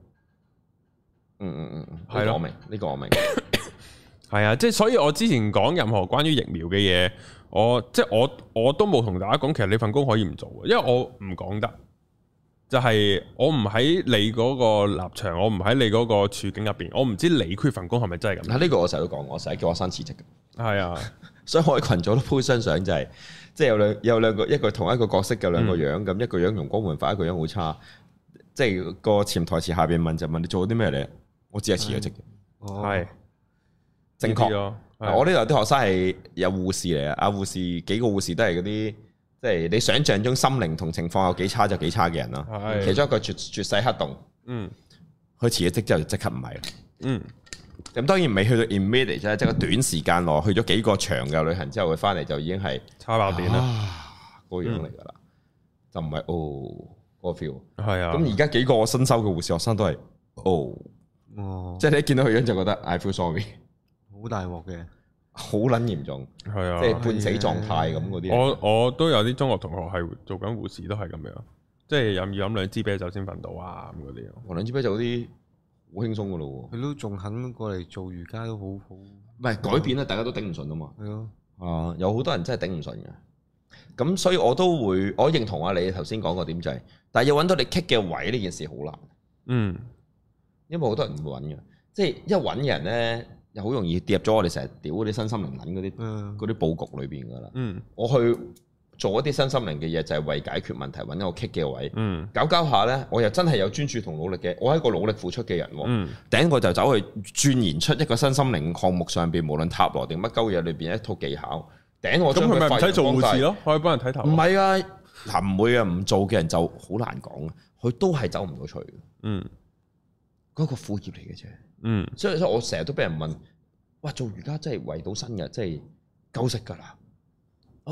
嗯嗯嗯，係咯，呢個我明。係啊是的，即係 所以我之前講任何關於疫苗嘅嘢，我即係我我都冇同大家講，其實你份工可以唔做，因為我唔講得。就係、是、我唔喺你嗰個立場，我唔喺你嗰個處境入邊，我唔知你 quit 份工係咪真係咁？啊，呢個我成日都講，我成日叫我生辭職嘅。係啊。 所以海群組都 po 張相就係、是，即係有兩有兩個一個同一個角色嘅兩個樣咁、嗯，一個樣容光煥發，一個樣好差。即係個潛台詞下邊問就問你做咗啲咩嚟？的我只係辭咗職，係、哦、正確確。我呢度啲學生係有護士嚟啊，阿護士幾個護士都係嗰啲，即、就、係、是、你想象中心靈同情況有幾差就幾差嘅人啦。的其中一個絕絕世黑洞，嗯，佢辭咗職之後就即刻唔係嗯。咁當然未去到 immediate 啫，即係個短時間內去咗幾個長嘅旅行之後，佢翻嚟就已經係差唔多啦。嗰樣嚟噶啦，就唔係哦，h 嗰個 feel。係啊，咁而家幾個新收嘅護士學生都係哦，h 即係你一見到佢樣就覺得 I feel sorry，好大鑊嘅，好撚嚴重，係啊，即係半死狀態咁嗰啲。我我都有啲中學同學係做緊護士，都係咁樣，即係飲要飲兩支啤酒先瞓到啊咁嗰啲。飲兩支啤酒嗰啲。好輕鬆噶咯喎！佢都仲肯過嚟做瑜伽都好好。唔係改變啊！大家都頂唔順啊嘛。係咯。啊，有好多人真係頂唔順嘅。咁所以我都會，我認同啊，你頭先講個點就係，但係要揾到你棘嘅位呢件事好難。嗯。因為好多人唔會唔揾嘅，即係一揾人咧，又好容易跌入咗我哋成日屌嗰啲身心靈撚嗰啲嗰啲佈局裏邊噶啦。嗯。我去。做一啲新心靈嘅嘢，就係為解決問題揾一個棘嘅位。嗯，搞搞下咧，我又真係有專注同努力嘅。我係一個努力付出嘅人。嗯，頂我就走去鑽研出一個新心靈項目上邊，無論塔羅定乜鳩嘢裏邊一套技巧。頂我咁佢咪唔使做護士咯，可以幫人睇頭。唔係啊，嗱唔會啊，唔做嘅人就好難講啊，佢都係走唔到出嘅。嗯，嗰個副業嚟嘅啫。嗯，所，所以我成日都俾人問，哇，做瑜伽真係為到身嘅，真係夠食㗎啦。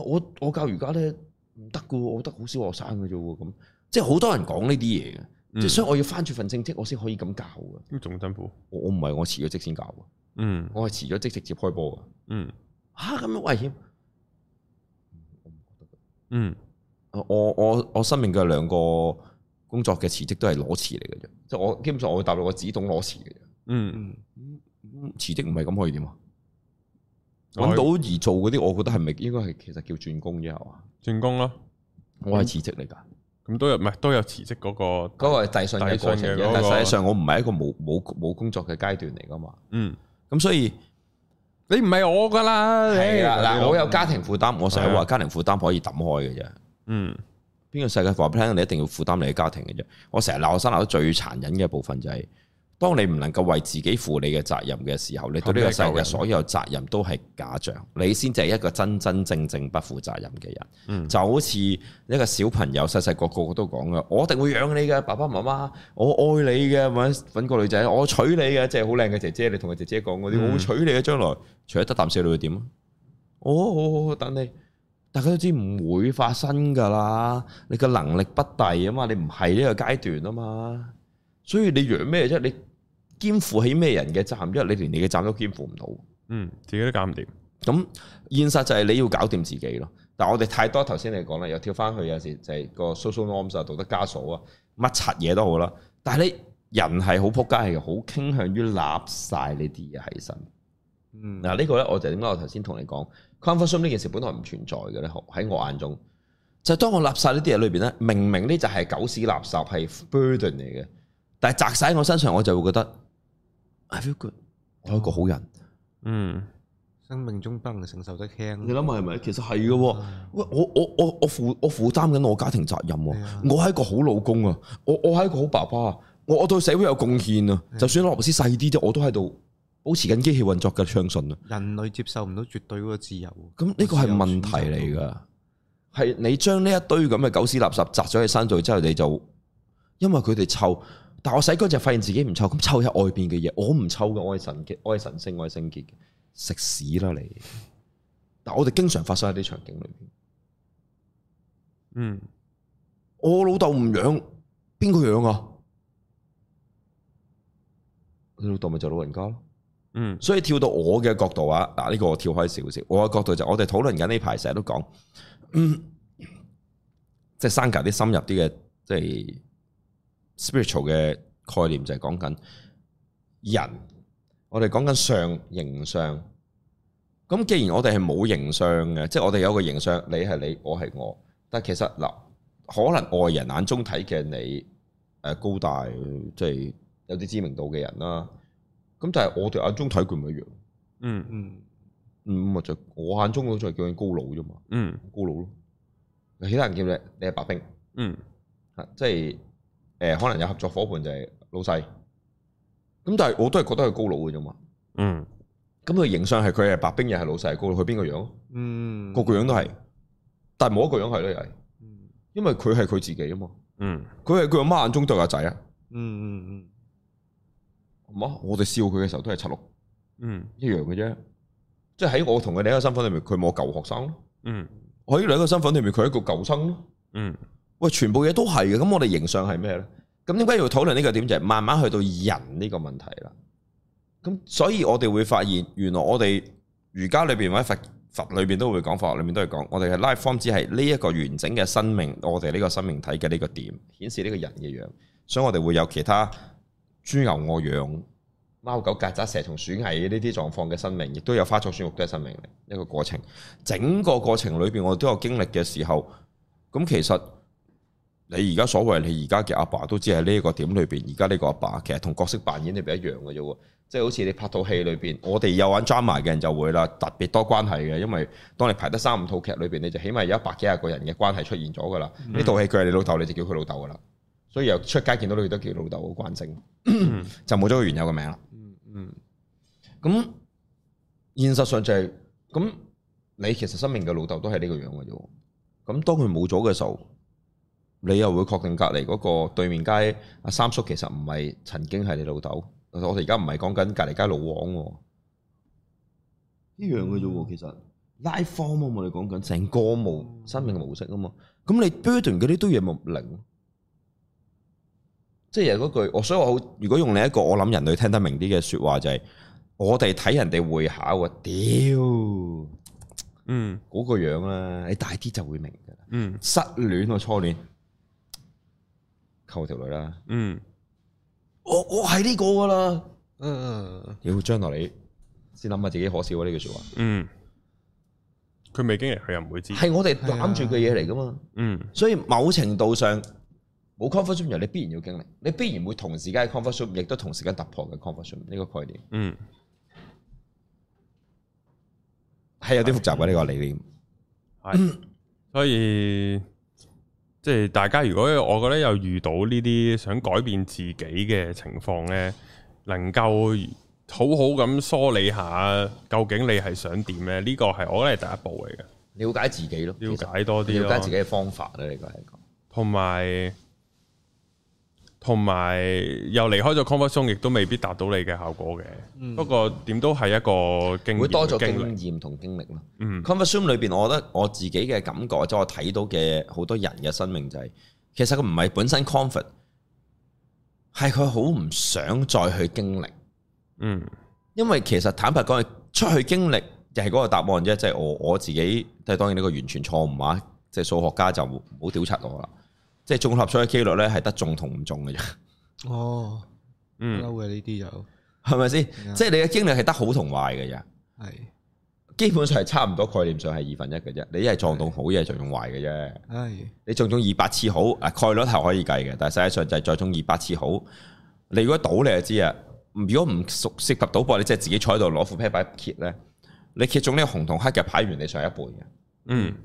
我我教瑜伽咧唔得噶，我覺得好少學生噶啫喎，咁即係好多人講呢啲嘢嘅，即係、嗯、所以我要翻住份正職、嗯，我先可以咁教噶。總統政府，我唔係我辭咗職先教噶，嗯，我係辭咗職直接開波噶，嗯，吓咁樣、啊、危險，嗯，我我我我生命嘅兩個工作嘅辭職都係裸辭嚟嘅啫，即係我基本上我答到我只懂裸辭嘅，嗯嗯，辭職唔係咁可以點啊？搵到而做嗰啲，我覺得係咪應該係其實叫轉工啫？係嘛，轉工咯。我係辭職嚟㗎，咁都有唔係都有辭職嗰個嗰個遞信嘅過程。但係實際上我唔係一個冇冇冇工作嘅階段嚟㗎嘛。嗯。咁所以你唔係我㗎啦。係啦，我有家庭負擔，我成日話家庭負擔可以抌開嘅啫。嗯。邊個世界話俾你一定要負擔你嘅家庭嘅啫。我成日鬧生鬧得最殘忍嘅部分就係，當你唔能夠為自己負你嘅責任嘅時候，你對呢個世界所有責任都係假象，你先至係一個真真正正不負責任嘅人。嗯，就好似一個小朋友細細個個都講噶，我一定會養你嘅，爸爸媽媽，我愛你嘅，揾揾個女仔，我娶你嘅，即係好靚嘅姐姐，你同個姐姐講嗰啲，我會娶你嘅，將來，除咗得啖笑你會點啊？我我我等你，大家都知唔會發生噶啦，你嘅能力不低啊嘛，你唔係呢個階段啊嘛。所以你養咩啫？你肩負起咩人嘅責任？因為你連你嘅責任都肩負唔到，嗯，自己都搞唔掂。咁現實就係你要搞掂自己咯。但係我哋太多頭先你講咧，又跳翻去有時就係個 social norms 啊、道德枷鎖啊、乜柒嘢都好啦。但係你人係好仆街，係好傾向於攬曬呢啲嘢喺身。嗱、嗯，啊這個、呢個咧我就點解我頭先同你講 comfort zone 呢件事本來唔存在嘅咧？喺我眼中就係、是、當我攬曬呢啲嘢裏邊咧，明明呢就係狗屎垃，垃圾係 burden 嚟嘅。但係砸晒我身上，我就會覺得 I feel good，我係一個好人，哦。嗯，生命中不能承受得輕。你諗下係咪？其實係嘅，嗯，我我我負我負我負擔緊我家庭責任。啊，我係一個好老公啊，我我係一個好爸爸。我我對社會有貢獻啊。就算我螺絲細啲啫，我都喺度保持緊機器運作嘅暢順啊。人類接受唔到絕對嗰個自由。咁呢個係問題嚟噶，係你將呢一堆咁嘅狗屎垃圾砸咗喺身度之後，你就因為佢哋臭。但我洗乾淨，發現自己唔臭，咁臭喺外邊嘅嘢，我唔臭嘅，愛神潔、愛神聖、愛聖潔嘅，食屎啦你！但我哋經常發生喺啲場景裏邊。嗯我、啊，我老豆唔養，邊個養啊？你老豆咪就老人家咯？嗯，所以跳到我嘅角度啊，嗱、這、呢個我跳開少少，我嘅角度就我哋討論緊呢排成日都講、嗯，即係生格啲深入啲嘅，即係。spiritual 嘅概念就係講緊人，我哋講緊上形相。咁既然我哋係冇形相嘅，即係我哋有個形相，你係你，我係我。但係其實嗱，可能外人眼中睇嘅你，誒，高大，即係有啲知名度嘅人啦。咁但係我哋眼中睇佢唔一樣。嗯嗯嗯，咁咪就我眼中嗰種係叫你高佬啫嘛。嗯，高佬咯。其他人叫你，你係白兵。嗯，吓即係。誒，可能有合作伙伴就係老細，咁但係我都係覺得佢高佬嘅啫嘛。嗯，咁佢形象係佢係白兵，又係老細高佬，佢邊個樣？嗯，個個樣都係，但係冇一個樣係咯，又係，因為佢係佢自己啊嘛。嗯，佢係佢阿媽眼中都對個仔啊。嗯嗯嗯，唔啊，我哋笑佢嘅時候都係七六，嗯，一樣嘅啫。即係喺我同佢另一個身份裏面，佢冇舊學生咯。嗯，喺另一個身份裏面，佢係一個舊生咯。嗯。喂，全部嘢都係嘅，咁我哋形象係咩呢？咁點解要討論呢個點？就係、是、慢慢去到人呢個問題啦。咁所以我哋會發現，原來我哋瑜伽裏邊或者佛佛裏邊都會講，佛學裏面都係講，我哋係 life form 只係呢一個完整嘅生命。我哋呢個生命體嘅呢個點顯示呢個人嘅樣，所以我哋會有其他豬牛鵝羊、貓狗曱甴蛇同鼠蟻呢啲狀況嘅生命，亦都有花草樹木嘅生命。嚟，一個過程，整個過程裏邊我哋都有經歷嘅時候，咁其實。你而家所謂你而家嘅阿爸都只係呢一個點裏邊，而家呢個阿爸其實同角色扮演裏邊一樣嘅啫喎，即係好似你拍套戲裏邊，我哋有玩 drama 嘅人就會啦，特別多關係嘅，因為當你排得三五套劇裏邊，你就起碼有一百幾廿個人嘅關係出現咗噶啦，呢套戲佢係你老豆，你就叫佢老豆噶啦，所以又出街見到你都叫老豆好關心，嗯、就冇咗個原有嘅名啦、嗯。嗯咁現實上就係咁，你其實生命嘅老豆都係呢個樣嘅啫，咁當佢冇咗嘅時候。你又會確定隔離嗰個對面街阿三叔其實唔係曾經係你老豆？我哋而家唔係講緊隔離街老王喎，一樣嘅啫喎。其實 life form 我哋講緊成個模生命模式啊嘛。咁你 burden 嗰啲都樣冇零，即係嗰句我所以我好。如果用另一個我諗人類聽得明啲嘅説話就係、是、我哋睇人哋會考啊屌，嗯嗰個樣啦，你大啲就會明㗎啦。嗯，失戀啊初戀。溝條女啦，嗯，我我係呢個噶啦，嗯，要將來你先諗下自己可笑啊呢句說話，嗯，佢未經歷佢又唔會知，係我哋攔住嘅嘢嚟噶嘛，嗯，所以某程度上冇 confusion 嘅你必然要經歷，你必然會同時間嘅 confusion 亦都同時間突破嘅 confusion 呢個概念，嗯，係有啲複雜嘅呢個理念，係，所以。即係大家如果我覺得又遇到呢啲想改變自己嘅情況咧，能夠好好咁梳理下究竟你係想點咧？呢個係我覺得係第一步嚟嘅，了解自己咯，了解多啲，了解自己嘅方法啦，呢個係講同埋。同埋又離開咗 comfort zone，亦都未必達到你嘅效果嘅。嗯、不過點都係一個經驗經,會多咗經驗同經歷咯。嗯，comfort zone 裏邊，我覺得我自己嘅感覺，即、就是、我睇到嘅好多人嘅生命就係、是，其實佢唔係本身 comfort，係佢好唔想再去經歷。嗯，因為其實坦白講，出去經歷就係嗰個答案啫。即、就、係、是、我我自己，即係當然呢個完全錯誤啊！即、就、係、是、數學家就唔好調查我啦。即係綜合所有幾率咧，係得中同唔中嘅啫。哦，嬲嘅呢啲又係咪先？即係你嘅經歷係得好同壞嘅啫。係 Yeah. 基本上係差唔多概念上係二分一嘅啫。你一係撞到好，一係撞到壞嘅啫。係你中中二百次好，啊，概率係可以計嘅，但係實際上就係再中二百次好。你如果賭你就知啊，如果唔熟涉及賭博，你即係自己坐喺度攞副啤牌揭咧，你揭中呢紅同黑嘅牌完，你上一半嘅。嗯。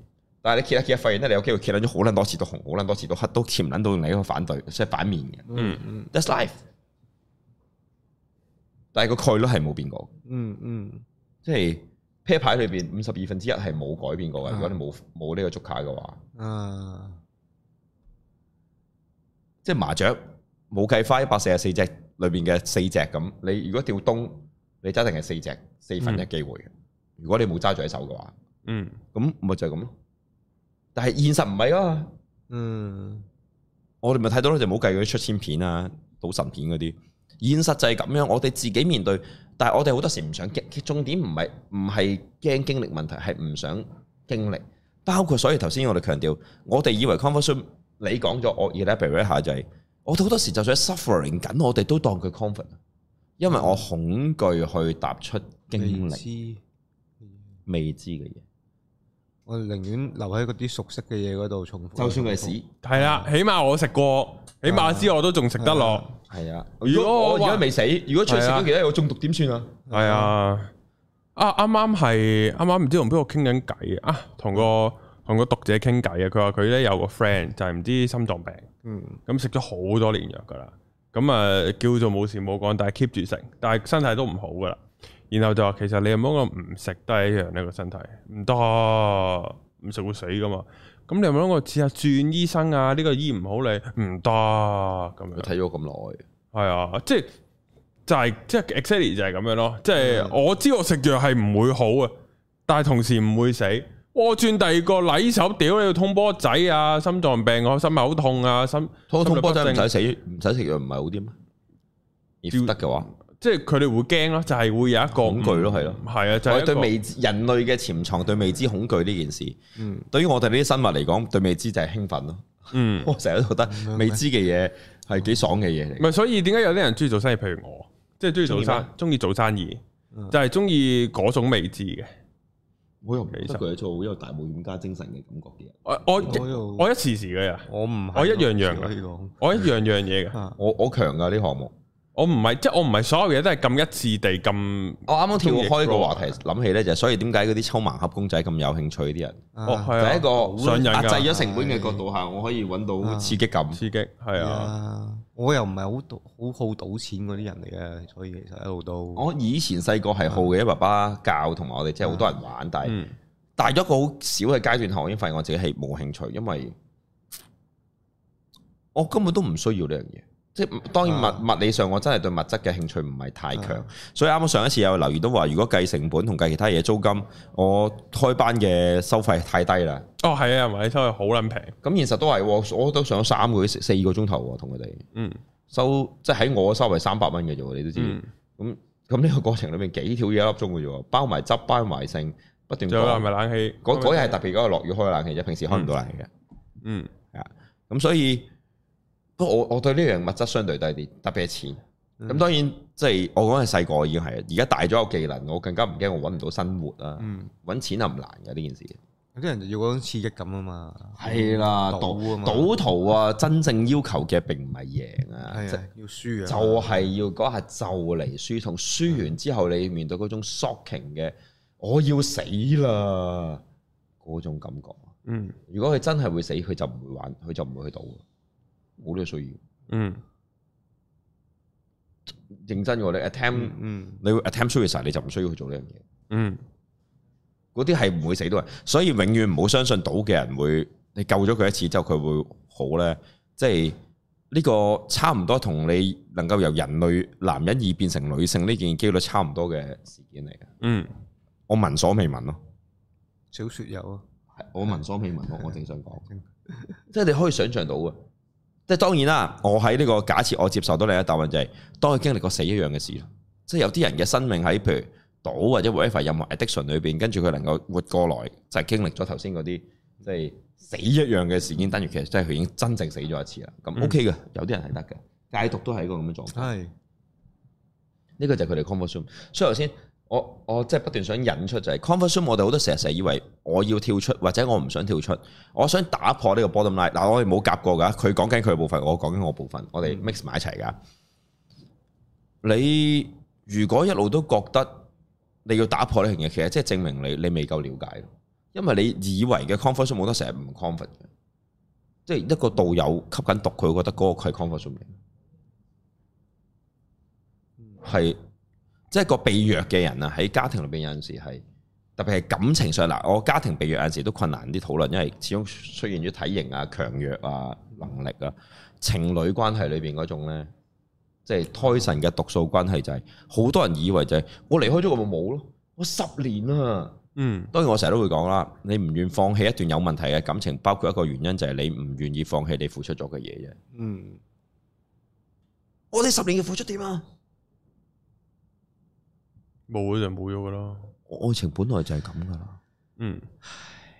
但係你揭一揭一發現咧，你有機會揭撚咗好撚多次都紅，好撚多次都黑，都唓撚到你一個反對，即係反面嘅。嗯。嗯嗯。That's life。但係個概率係冇變過。嗯嗯。即係啤牌裏邊五十二分之一係冇改變過嘅。啊、如果你冇冇呢個竹卡嘅話，啊。即係麻雀冇計花一百四十四隻裏邊嘅四隻咁，你如果掉東，你揸定係四隻四分一機會。嗯、如果你冇揸住喺手嘅話，嗯，咁咪就係咁咯。但係現實唔係啊，嗯，我哋咪睇到咯，就冇計嗰啲出千片啊、賭神片嗰啲。現實就係咁樣，我哋自己面對。但係我哋好多時唔想驚，重點唔係唔係驚經歷問題，係唔想經歷。包括所以頭先我哋強調，我哋以為 comfort，你講咗我以咧 bear 一下就係、是、我哋好多時就算 suffering 緊，我哋都當佢 comfort，因為我恐懼去踏出經歷未知嘅嘢。我寧願留喺嗰啲熟悉嘅嘢嗰度重複。就算係屎。係啦、嗯啊，起碼我食過，起碼知我都仲食得落。係啊、嗯，嗯嗯嗯、如果我而家未死，嗯嗯、如果出事咗，其他有我中毒點、啊、算啊？係啊，啊啱啱係，啱啱唔知同邊個傾緊偈啊？同個同個讀者傾偈啊，佢話佢咧有個 friend 就係、是、唔知心臟病，嗯，咁食咗好多年藥噶啦，咁啊叫做冇事冇講，但係 keep 住食，但係身體都唔好噶啦。然後就話，其實你有冇個唔食都係一樣呢個身體唔得，唔食會死噶嘛。咁你有冇諗過試下轉醫生啊？呢個醫唔好你唔得咁樣睇咗咁耐係啊，即係就係、是、即係 exactly 就係咁樣咯，即係我知我食藥係唔會好啊，但係同時唔會死，我轉第二個禮手屌你要波，啊啊啊啊，通波仔心啊，心臟病，我心口痛啊，心通通波仔唔使死，唔使食藥，唔係好啲咩？if 得嘅 You 話即係佢哋會驚咯，就係會有一個恐懼咯，係咯。係啊，就係對未知、人類嘅潛藏對未知恐懼呢件事。嗯，對於我哋呢啲生物嚟講，對未知就係興奮咯。嗯，我成日都覺得未知嘅嘢係幾爽嘅嘢嚟。唔係，所以點解有啲人中意做生意？譬如我，即係中意做生，中意做生意，就係中意嗰種未知嘅。我又唔記得佢做，因為大冒險家精神嘅感覺嘅。我我我一時時嘅呀，我唔我一樣樣噶，我一樣樣嘢嘅。我我強噶呢項目。我唔係，即係我唔係所有嘢都係咁一次地咁。我啱啱跳開個話題諗起咧，就係所以點解嗰啲抽盲盒公仔咁有興趣啲人？哦，係啊，第一個壓制咗成本嘅角度下，我可以揾到刺激感，刺激係啊。我又唔係好賭，好好賭錢嗰啲人嚟嘅，所以其實一路都我以前細個係好嘅，爸爸教同埋我哋即係好多人玩，但係大咗個好少嘅階段後，我已經發現我自己係冇興趣，因為我根本都唔需要呢樣嘢。即係當然物物理上，我真係對物質嘅興趣唔係太強，啊、所以啱啱上一次有留意都話，如果計成本同計其他嘢租金，我開班嘅收費太低啦。哦，係啊，咪收係好撚平。咁現實都係，我都上咗三個四個鐘頭喎，同佢哋。嗯，收即係喺我收係三百蚊嘅啫，你都知。咁咁呢個過程裏面幾條嘢一粒鐘嘅啫，包埋執，包埋剩，不斷。就係咪冷氣？嗰日係特別，嗰日落雨開冷氣，而平時開唔到冷氣嘅。嗯。係啊，咁所以。不，我我對呢樣物質相對低啲，特別係錢。咁、嗯、當然，即、就、係、是、我講係細個已經係，而家大咗有技能，我更加唔驚我搵唔到生活啦。搵、嗯、錢係唔難嘅呢件事。有啲人就要嗰種刺激感啊嘛。係啦，賭賭徒啊，真正要求嘅並唔係贏啊，係要輸啊，即，輸啊就係要嗰下就嚟輸，同輸完之後你面對嗰種 shocking 嘅我要死啦嗰種感覺。嗯，如果佢真係會死，佢就唔會玩，佢就唔會去賭。冇呢個需要，嗯，認真我咧，你 attempt，嗯，嗯你要 attempt suicide 你就唔需要去做呢樣嘢，嗯，嗰啲係唔會死到人，所以永遠唔好相信倒嘅人會你救咗佢一次之後佢會好咧，即係呢個差唔多同你能夠由人類男人而變成女性呢件機率差唔多嘅事件嚟嘅。嗯，我聞所未聞咯，小説有啊，我聞所未聞，我我正想講， 即係你可以想象到嘅。即係當然啦，我喺呢個假設，我接受到你嘅答案就係，當佢經歷過死一樣嘅事，即係有啲人嘅生命喺譬如賭或者 whatever 任何 addiction 裏邊，跟住佢能夠活過來就係、是、經歷咗頭先嗰啲即係死一樣嘅事件，等於其實即係佢已經真正死咗一次啦。咁 OK 嘅，有啲人係得嘅，戒毒都係一個咁嘅狀態。呢是個就係佢哋 comfort zone。所以頭先。我我即係不斷想引出就係 comfort zone，我哋好多成日成日以為我要跳出或者我唔想跳出，我想打破呢個 bottom line。嗱，我哋冇夾過㗎，佢講緊佢嘅部分，我講緊我部分，我哋 mix 埋一齊㗎。你如果一路都覺得你要打破呢樣嘢，其實即係證明你你未夠了解，因為你以為嘅 comfort zone 好多成日唔 comfort 嘅，即係一個導友吸緊毒。佢覺得嗰個係 comfort zone 嚟，係。即係個被虐嘅人啊，喺家庭裏邊有陣時係，特別係感情上嗱，我家庭被虐有陣時都困難啲討論，因為始終出現咗體型啊、強弱啊、能力啊、情侶關係裏邊嗰種咧，即係胎神嘅毒素關係就係，好多人以為就係我離開咗個咪冇咯，我十年啊，嗯，當然我成日都會講啦，你唔願放棄一段有問題嘅感情，包括一個原因就係你唔願意放棄你付出咗嘅嘢啫，嗯，我哋十年嘅付出點啊？冇咗，就冇咗噶啦。愛情本來就係咁噶啦。嗯，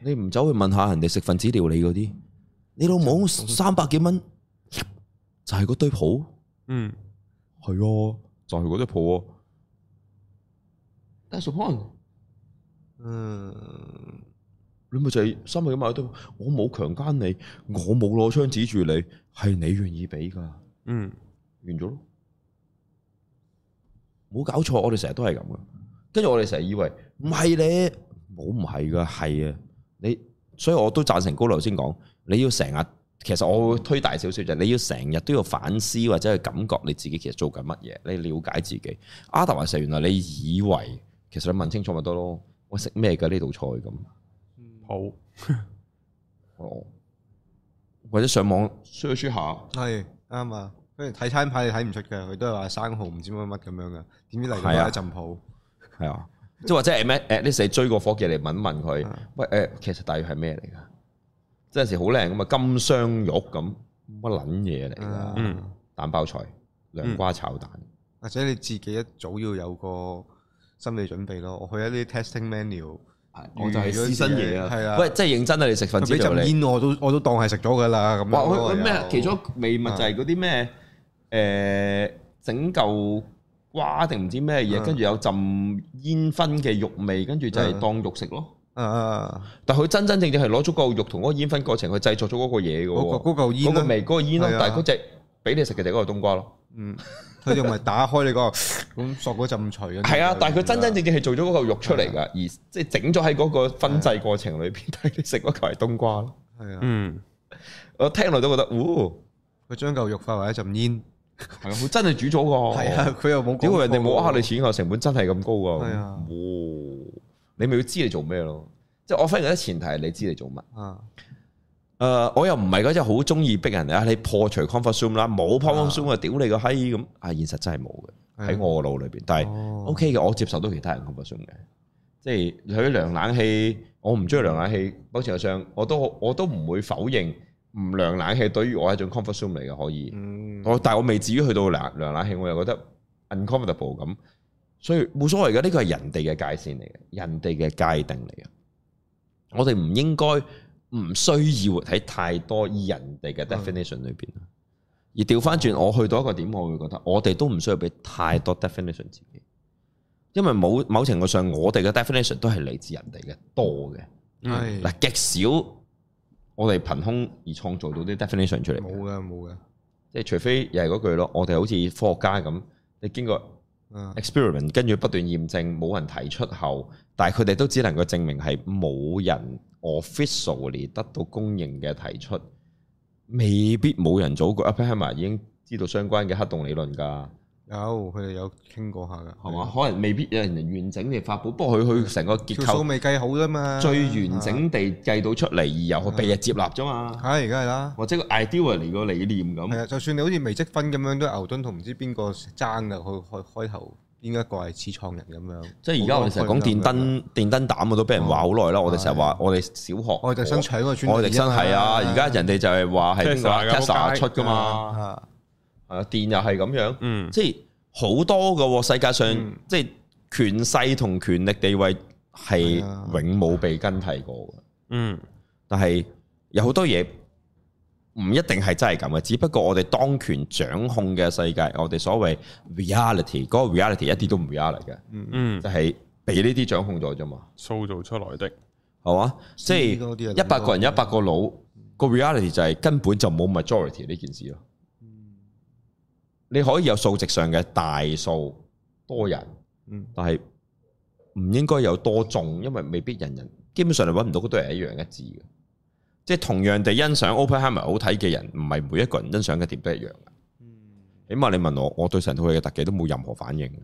你唔走去問下人哋食分子料理嗰啲，你老母三百幾蚊，就係嗰堆譜。嗯，係、嗯、啊，就係嗰堆譜、啊。但係可能，嗯，你咪就係三百幾蚊買堆，我冇強姦你，我冇攞槍指住你，係你願意畀噶。嗯，完咗咯。冇搞錯，我哋成日都係咁嘅，跟住我哋成日以為唔係你冇唔係噶，係啊！你，所以我都贊成高人先講，你要成日，其實我會推大少少就係你要成日都要反思或者係感覺你自己其實做緊乜嘢，你瞭解自己。阿達話成原來你以為，其實你問清楚咪得咯？我食咩嘅呢道菜咁？好，嗯、 哦，或者上網 search 下，係啱啊。睇餐牌你睇唔出嘅，佢都係話生蠔，唔知乜乜咁樣噶，點知嚟咗一陣泡，係啊，即係或者係咩？誒，你成日追個伙記嚟問一問佢，喂，誒，其實大約係咩嚟噶？真係時好靚咁啊，金鑲玉咁，乜撚嘢嚟噶？蛋包菜、涼瓜炒蛋，或者你自己一早要有個心理準備咯。我去一啲 testing menu，我就係試新嘢啊。喂，即係認真啊，你食份自己就煙我都我都當係食咗噶啦。咁啊，咩？其中微物就係嗰啲咩？誒、嗯，整嚿瓜定唔知咩嘢，跟住有浸煙燻嘅肉味，跟住就係當肉食咯。嗯、啊啊、但係佢真真正正係攞咗個肉同嗰個煙燻過程去製作咗嗰個嘢嘅。嗰嗰嚿煙。嗰、嗰個、個味，嗰、嗰個煙咯。啊、但係嗰隻俾你食嘅就係嗰個冬瓜咯。嗯。佢哋咪打開你、個咁索嗰陣除。係 啊，但係佢真真正正係做咗嗰嚿肉出嚟噶，啊、而即係整咗喺嗰個燻製過程裏邊，但係食嗰個係冬瓜咯。係啊。啊嗯。我聽落都覺得，嗚、哦，佢將嚿肉化為一陣煙。係 啊，佢真係煮咗噶。係啊，佢又冇。屌人哋冇呃你錢啊， 成本真係咁高噶。係啊，哇！你咪要知你做咩咯？即係我發覺啲前提係你知你做乜。啊，誒、呃，我又唔係嗰隻好中意逼人哋啊！你破除 comfort zone 啦，冇 comfort zone 啊，屌你個閪咁啊！現實真係冇嘅，喺、啊、我嘅腦裏邊。但係 O K 嘅，我接受到其他人 comfort zone 嘅。即係佢涼冷氣，我唔中意涼冷氣。好似有上，我都我都唔會否認。唔涼冷氣對於我係一種 comfort zone 嚟嘅，可以。我、嗯、但係我未至於去到涼涼冷氣，我又覺得 uncomfortable 咁。所以冇所謂，而呢個係人哋嘅界線嚟嘅，人哋嘅界定嚟嘅。我哋唔應該，唔需要喺太多以人哋嘅 definition 裏邊。係呀。而調翻轉，我去到一個點，我會覺得我哋都唔需要俾太多 definition 自己，因為某某程度上，我哋嘅 definition 都係嚟自人哋嘅多嘅。係嗱，極少。我哋憑空而創造到啲 definition 出嚟？冇㗎，冇㗎。即係除非又係嗰句咯，我哋好似科學家咁，你經過 experiment，跟住不斷驗證，冇人提出後，但係佢哋都只能夠證明係冇人 officially 得到公認嘅提出，未必冇人早過 Oppenheimer 已經知道相關嘅黑洞理論㗎。有佢哋有傾過下噶，係嘛？可能未必有人完整地發布，不過佢佢成個結構條數未計好啫嘛。最完整地計到出嚟，又被接納咗嘛。係，而家係啦。或者個 idea 嚟個理念咁。係啊，就算你好似微積分咁樣，都牛頓同唔知邊個爭噶，去開開頭邊一個係始創人咁樣。即係而家我哋成日講電燈電燈膽，我都俾人話好耐啦。我哋成日話，我哋小學。我哋想搶個專利。我哋真係啊！而家人哋就係話係出㗎嘛。啊！電又係咁樣，嗯、即係好多嘅世界上，嗯、即係權勢同權力地位係永冇被更替過嘅。嗯，但係有好多嘢唔一定係真係咁嘅，只不過我哋當權掌控嘅世界，我哋所謂 reality 嗰個 reality 一啲都唔 reality 嘅，嗯。嗯嗯，就係俾呢啲掌控咗啫嘛，塑造，造出來的係嘛？即係一百個人一百個腦，嗯、個 reality 就係根本就冇 majority 呢件事咯。你可以有數值上嘅大數多人，但係唔應該有多眾，因為未必人人，基本上你揾唔到，都係一樣一致嘅。即係同樣地欣賞 Oppenheimer 好睇嘅人，唔係每一個人欣賞嘅點都一樣嘅。嗯，起碼你問我，我對成套戲嘅特技都冇任何反應嘅，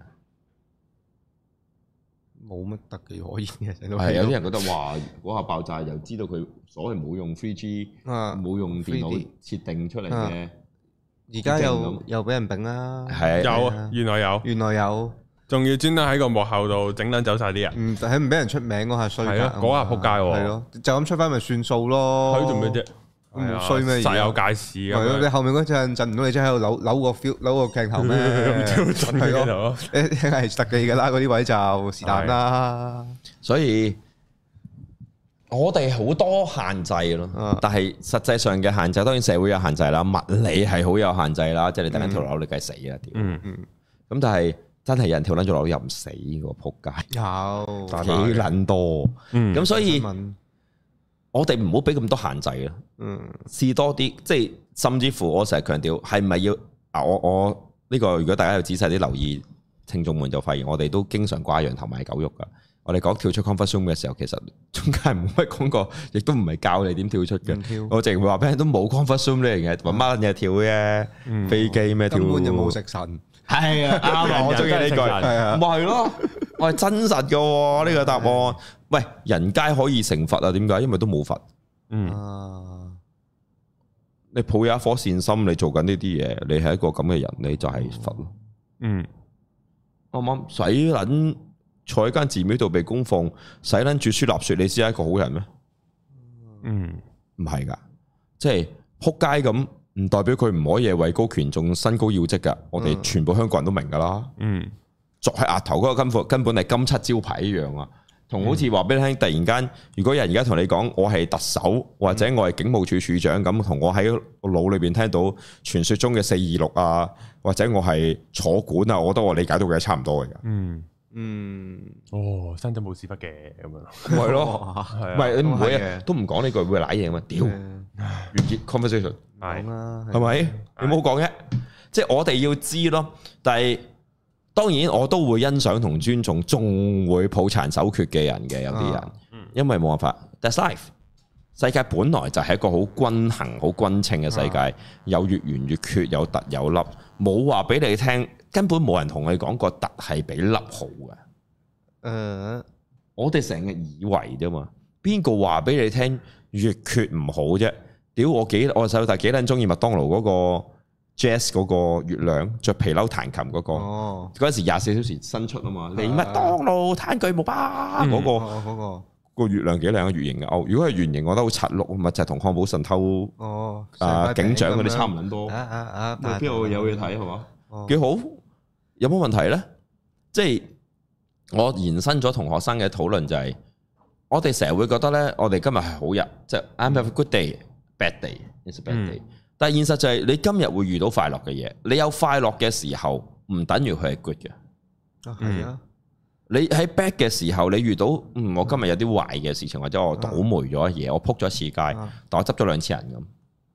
冇乜特技可以嘅。係有啲人覺得話嗰 下爆炸又知道佢所謂冇用飛機，冇、啊、用電腦設定出嚟嘅。啊啊而家又又俾人丙啦，係，有，原來有，原來有，仲要專登喺個幕後度整捻走晒啲人，唔喺俾人出名嗰下衰啊，嗰下撲街喎，係咯，就咁出翻咪算數咯，佢做咩啫，唔衰咩嘢，實有介事，你後面嗰陣震唔到，你即係喺度扭扭個 feel，扭個鏡頭咩，去咯，誒係特技嘅啦，嗰啲位就是但啦，所以。我哋好多限制咯，啊、但係實際上嘅限制，當然社會有限制啦，物理係好有限制啦，嗯、即係你突然間跳樓，你梗係死啦！點？嗯嗯。咁但係真係人跳捻咗樓又唔死個仆街，有幾捻多？咁所以，我哋唔好俾咁多限制咯。嗯。試多啲，即係甚至乎我成日強調，係咪要啊？我我呢個如果大家要仔細啲留意，聽眾們就發現我哋都經常掛羊頭賣狗肉噶。我哋講跳出 comfort zone 嘅時候，其實中間唔會講過，亦都唔係教你點跳出嘅。我淨係話俾人都冇 comfort zone 呢樣嘢，同孖捻嘢跳嘅飛機咩跳？根本就冇食神。係啊，啱啊，我中意呢句。咁咪係咯，我係真實噶呢個答案。喂，人皆可以成佛啊？點解？因為都冇佛。嗯，你抱有一顆善心，你做緊呢啲嘢，你係一個咁嘅人，你就係佛咯。嗯，啱唔啱？水輪。坐喺間寺廟度被供奉，洗捻住書立說，你先係一個好人咩？嗯，唔係噶，即係扑街咁，唔代表佢唔可以位高權重、身高要職噶。嗯、我哋全部香港人都明噶啦。嗯，鑿喺額頭嗰個金貨，根本係金七招牌一樣啊。嗯、同好似話俾你聽，突然間如果有人而家同你講我係特首或者我係警務處處長咁，同我喺腦裏邊聽到傳說中嘅四二六啊，或者我係坐館啊，我覺得我理解到嘅差唔多嘅。嗯。嗯，哦，生咗冇屎忽嘅咁樣，係咯，係咪你唔會啊？都唔講呢句會瀨嘢嘛？屌，完結 conversation 係，係咪？你冇講嘅，即係我哋要知咯。但係當然，我都會欣賞同尊重，仲會抱殘守缺嘅人嘅有啲人，因為冇辦法。That's life。世界本來就係一個好均衡、好均稱嘅世界，有月圓月缺，有凸有凹，冇話俾你聽。根本冇人同你哋講個特係比粒好嘅。誒，我哋成日以為啫嘛。邊個話俾你聽月缺唔好啫？屌，我幾我細佬但幾撚中意麥當勞嗰個 Jazz 嗰個月亮着皮褸彈琴嗰個。哦。嗰陣時廿四小時新出啊嘛，嚟麥當勞攤巨木巴嗰、嗰個嗰月亮幾靚個圓形嘅。哦。如果係圓形，我覺得好七六，唔係就係同漢堡神偷。哦。啊警長嗰啲差唔多，多。啊啊啊！邊度有嘢睇係嘛？幾好。有冇問題呢？即係我延伸咗同學生嘅討論就係，是，我哋成日會覺得呢，我哋今日係好日，即係 I have a good day, bad day is a bad day。嗯。但係現實就係，你今日會遇到快樂嘅嘢，你有快樂嘅時候於，唔等於佢係 good 嘅。係啊，啊嗯，你喺 bad 嘅時候，你遇到嗯，我今日有啲壞嘅事情，或者我倒霉咗一嘢，我扑咗一次街，但我執咗兩次人咁。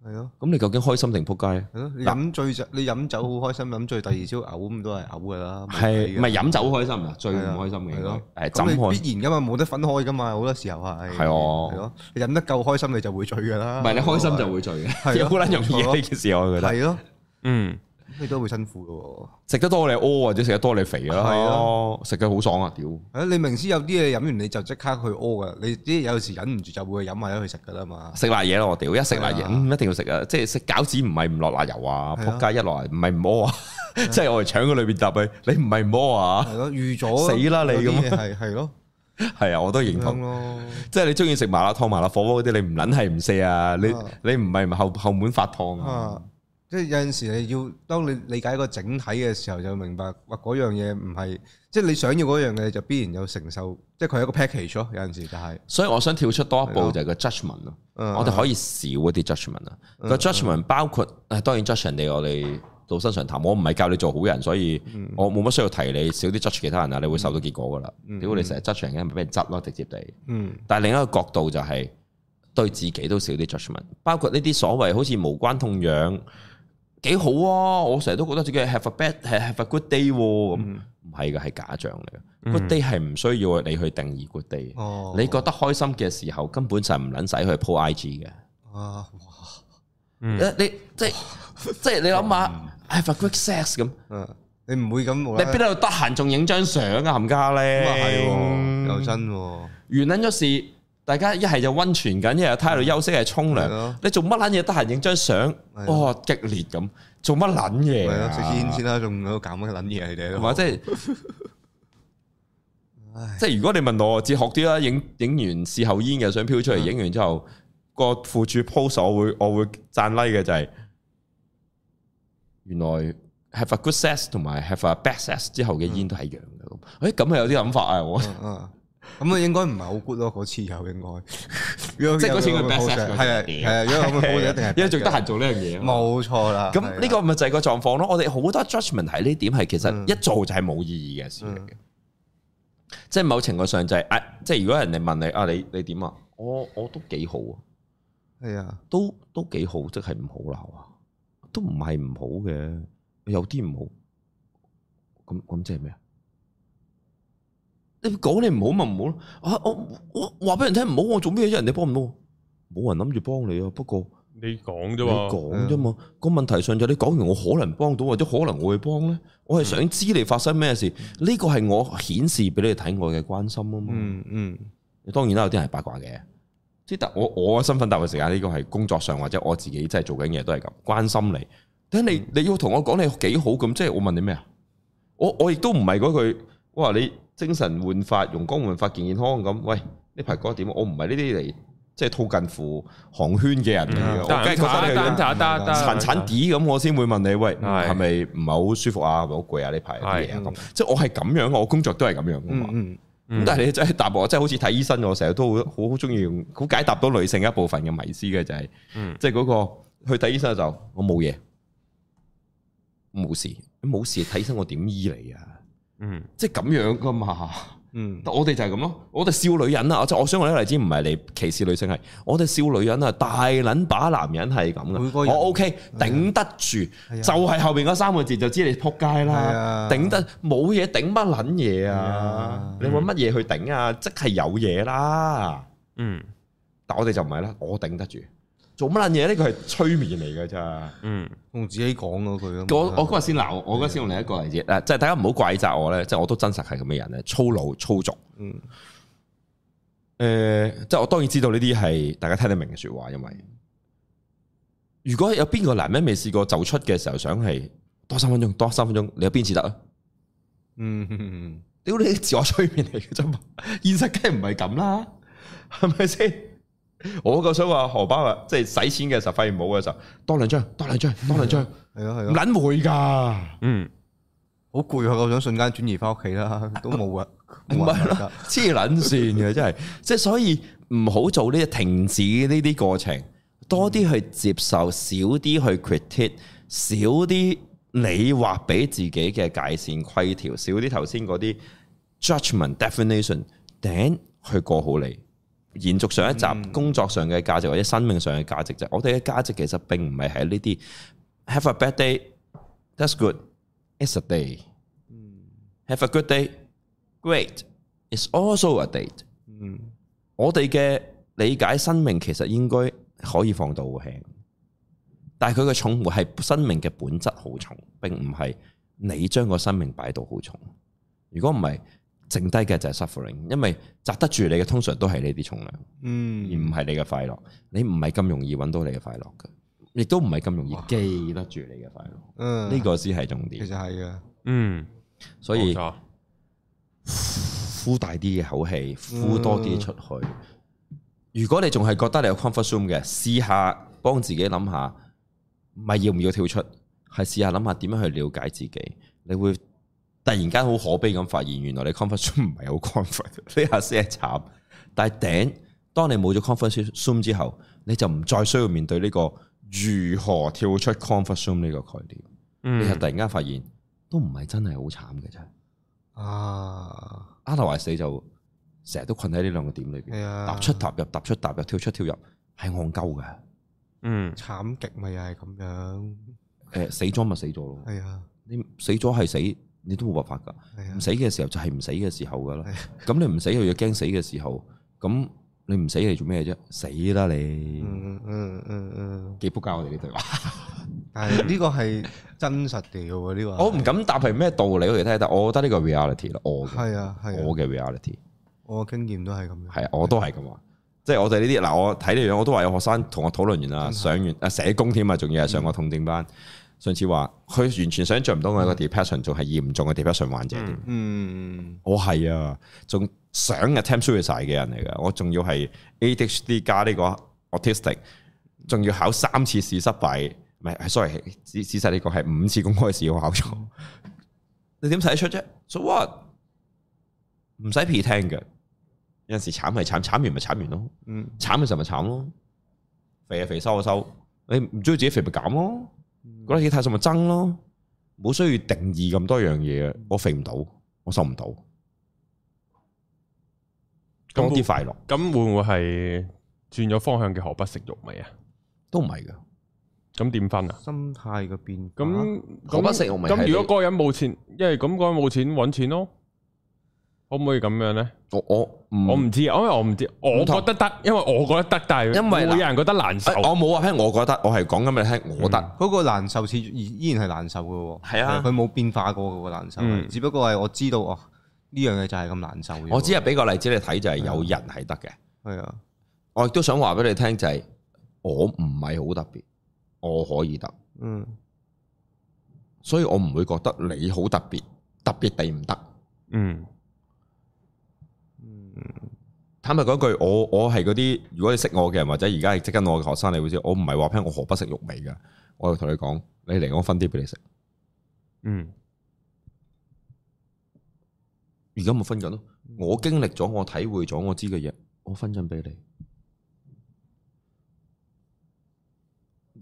係咯，咁你究竟開心定扑街？飲醉就你飲酒好開心，飲醉第二朝嘔咁都係嘔噶啦。係唔係飲酒開心啊？醉唔開心嘅。係咯，咁你必然噶嘛，冇得分開噶嘛，好多時候係。係哦，係咯，你飲得夠開心你就會醉噶啦。唔係你開心就會醉，好撚容易呢件事，我覺得。係咯，嗯。你都會辛苦噶，食得多你屙或者食得多你肥啊，係咯，食得好爽啊，屌！啊，你明知有啲嘢飲完你就即刻去屙噶，你啲有時忍唔住就會飲埋咗去食噶啦嘛。食辣嘢咯，我屌！一食辣嘢，唔一定要食啊，即係食餃子唔係唔落辣油啊，仆街一落唔係唔摸啊，即係我哋搶佢裏邊搭佢，你唔係唔屙啊？係咯，預咗死啦你咁，係係咯，係啊，我都認同咯。即係你中意食麻辣燙、麻辣火鍋嗰啲，你唔撚係唔瀉啊？你你唔係唔后後門發燙啊？即係有陣時你要當你理解個整體嘅時候，就明白話嗰樣嘢唔係，即係你想要嗰樣嘢就必然有承受，即係佢係一個 package 咯。有陣時就係。所以我想跳出多一步就係個 judgment 咯。的我哋可以少一啲 judgment 啊。個 judgment 包括誒當然 judge 人哋，我哋到身上談。我唔係教你做好人，所以我冇乜需要提你少啲 judge 其他人啊。你會受到結果㗎啦。嗯、如果你成日 judge 人嘅，咪俾人 jud 咯，直接地。嗯。但係另一個角度就係、是、對自己都少啲 judgment 包括呢啲所謂好似無關痛癢。幾好啊！我成日都覺得自己 have a bad，have a good day 咁、啊，唔係嘅，係假象嚟嘅。嗯、good day 係唔需要你去定義 good day。哦、你覺得開心嘅時候，根本就唔撚使去 po IG 嘅。嗯、啊你即係即係你諗下、嗯、have a good sex 咁、嗯，你唔會咁，你邊度得閒仲影張相啊？冚家咧，咁啊係，又、哦、真。嗯嗯、原撚咗事。大家一係就溫泉緊，一係喺度休息，係沖涼。你做乜撚嘢？得閒影張相，哇激烈咁，做乜撚嘢？係咯，食煙先啦，仲有搞乜撚嘢？你哋係嘛？即係，即係如果你問我，哲學啲啦，影影完事後煙又想飄出嚟，影完之後個輔助 pose，我會我會讚 like 嘅就係，原來 have a good sex 同埋 have a bad sex 之後嘅煙都係一樣嘅咁。誒，咁係有啲諗法啊，我。咁啊，應該唔係好 good 咯，嗰次又應該，即係嗰次佢 best 係啊係啊，如果一定係，因為仲得閒做呢樣嘢，冇錯啦。咁呢個咪就係個狀況咯。我哋好多 judgment 喺呢點係，其實一做就係冇意義嘅事嚟嘅。嗯嗯、即係某程度上就係、是啊，即係如果人哋問你啊，你你點啊？我我都幾好啊。係啊、嗯，嗯、都都幾好，即係唔好鬧啊，都唔係唔好嘅，有啲唔好。咁咁即係咩啊？你講你唔好咪唔好咯，啊我我話俾人聽唔好，我做咩啫？人哋幫唔到，冇人諗住幫你啊。不過你講啫嘛，你講啫嘛。個問題上就你講完，我可能幫到或者可能我會幫咧。我係想知你發生咩事，呢個係我顯示俾你睇我嘅關心啊嘛。嗯嗯。當然啦，有啲係八卦嘅，即係但我我身份特別時間呢個係工作上或者我自己真係做緊嘢都係咁關心你。咁你你要同我講你幾好咁，即係我問你咩啊？我我亦都唔係嗰句，哇你。精神煥發，容光煥發，健健康咁。喂，呢排覺得點？我唔係呢啲嚟，即係套近乎行圈嘅人。我梗係查一查，查一查，殘殘哋咁，我先會問你，喂，係咪唔係好舒服啊？咪好攰啊？呢排啲嘢咁，即係我係咁樣我工作都係咁樣噶嘛。咁但係你真係答我，即係好似睇醫生，我成日都好，好中意用。好解答到女性一部分嘅迷思嘅就係，即係嗰個去睇醫生就我冇嘢，冇事，冇事，睇醫生我點醫你啊？嗯，即係咁樣噶嘛，嗯，我哋就係咁咯，我哋少女人啊，即係我想用呢個例子唔係嚟歧視女性，係我哋少女人啊，大撚把男人係咁噶，我 O K 頂得住，哎、呀就係後邊嗰三個字就知你撲街啦，頂得冇嘢頂乜撚嘢啊，你揾乜嘢去頂啊，即係有嘢啦，嗯，但我哋就唔係啦，我頂得住。做乜撚嘢呢？佢係催眠嚟㗎咋？嗯，同自己講咯，佢我是。我我嗰日先鬧，我嗰日先用另一個例子。嗱、嗯，即係大家唔好怪責我咧，即係我都真實係咁嘅人咧，粗魯粗俗。嗯。誒、呃，即係我當然知道呢啲係大家聽得明嘅説話，因為如果有邊個男人未試過走出嘅時候想係多三分鐘，多三分鐘，你有邊次得啊、嗯？嗯。屌，你自我催眠嚟嘅啫嘛，現實梗係唔係咁啦，係咪先？我個想話荷包啊，即係使錢嘅時候發現冇嘅時候，時候多兩張，多兩張，多兩張，係啊係啊，唔捻會噶，嗯，好攰啊！我想瞬間轉移翻屋企啦，嗯、都冇啊，唔係啦，黐捻線嘅真係，即係所以唔好做呢，停止呢啲過程，多啲去接受，少啲去 critique，少啲你話俾自己嘅界線規條，少啲頭先嗰啲 judgment definition，then 去過好你。延續上一集，工作上嘅價值或者生命上嘅價值，就我哋嘅價值其實並唔係喺呢啲。Have a bad day, that's good. It's a day. Have a good day. Great. It's also a date. 我哋嘅理解生命其實應該可以放到好輕，但係佢嘅重活係生命嘅本質好重，並唔係你將個生命擺到好重。如果唔係，剩低嘅就係 suffering，因為扎得住你嘅通常都係呢啲重量，嗯，而唔係你嘅快樂，你唔係咁容易揾到你嘅快樂嘅，亦都唔係咁容易記得住你嘅快樂，嗯哇，呢個先係重點。嗯、其實係啊，嗯，所以，錯呼大啲嘅口氣，呼多啲出去。嗯、如果你仲係覺得你有 comfort zone 嘅，試下幫自己諗下，唔係要唔要跳出，係試下諗下點樣去了解自己，你會。突然間好可悲咁發現，原來你 comfort zone 唔係好 comfortable 呢下先係慘。但係頂，當你冇咗 comfort zone 之後，你就唔再需要面對呢個如何跳出 comfort zone 呢個概念。你又突然間發現，都唔係真係好慘嘅啫。啊，阿頭話死就成日都困喺呢兩個點裏邊，踏出踏入，踏出踏入，跳出跳入，係戇鳩嘅。嗯，慘極咪又係咁樣。誒，死咗咪死咗咯。係啊，你死咗係死。你都冇辦法噶，係啊，唔死嘅時候就係唔死嘅時候噶啦。咁你唔死又要驚死嘅時候，咁你唔死你做咩啫？死啦你！嗯嗯嗯嗯嗯，幾扑街我哋呢對話。但係呢個係真實嘅呢個，我唔敢答係咩道理嚟睇，但係我覺得呢個 reality 咯，我係啊係，我嘅 reality，我經驗都係咁樣，係啊，我都係咁話，即係我哋呢啲嗱，我睇呢樣，我都話有學生同我討論完啦，上完啊社工添啊，仲要係上個痛症班。上次話佢完全想象唔到我係個 depression，仲係嚴重嘅 depression 患者添。嗯，我係啊，仲想嘅。attempt suicide 嘅人嚟噶。我仲要係 ADHD 加呢個 autistic，仲要考三次試失敗，唔係 sorry，事實呢個係五次公開試我考咗。你點睇得出啫？So what？唔使皮聽嘅，有陣時慘係慘，慘完咪慘完咯。嗯，慘咪就咪慘咯，肥啊肥，收啊收，你唔中意自己肥咪減咯。覺得自己太瘦咪增咯，冇需要定義咁多樣嘢。我肥唔到，我瘦唔到，咁啲快樂。咁會唔會係轉咗方向嘅？何不食肉糜啊？都唔係噶。咁點分啊？心態嘅變化。咁那何不食肉糜。咁如果個人冇錢，你因為咁個人冇錢揾錢咯。可唔可以咁樣呢？我我、嗯、我唔知啊，因為我唔知，同我覺得得，因為我覺得得，但係因為有人覺得難受，呃、我冇話聽我覺得，我係講緊你聽，我得，嗰、嗯、個難受始終依然係難受噶喎。係啊、嗯，佢冇變化過、嗰個難受，嗯、只不過係我知道哦呢樣嘢就係咁難受。我只係俾個例子你睇、嗯，就係有人係得嘅。係啊，我亦都想話俾你聽，就係我唔係好特別，我可以得。嗯，所以我唔會覺得你好特別，特別地唔得。嗯。坦白講句，我我係嗰啲，如果你識我嘅人或者而家係即係跟我嘅學生，你會知道，我唔係話聽我何不食肉味嘅。我同你講，你嚟，我分啲俾你食。嗯，而家咪分緊咯，嗯、我經歷咗，我體會咗，我知嘅嘢，我分緊俾你。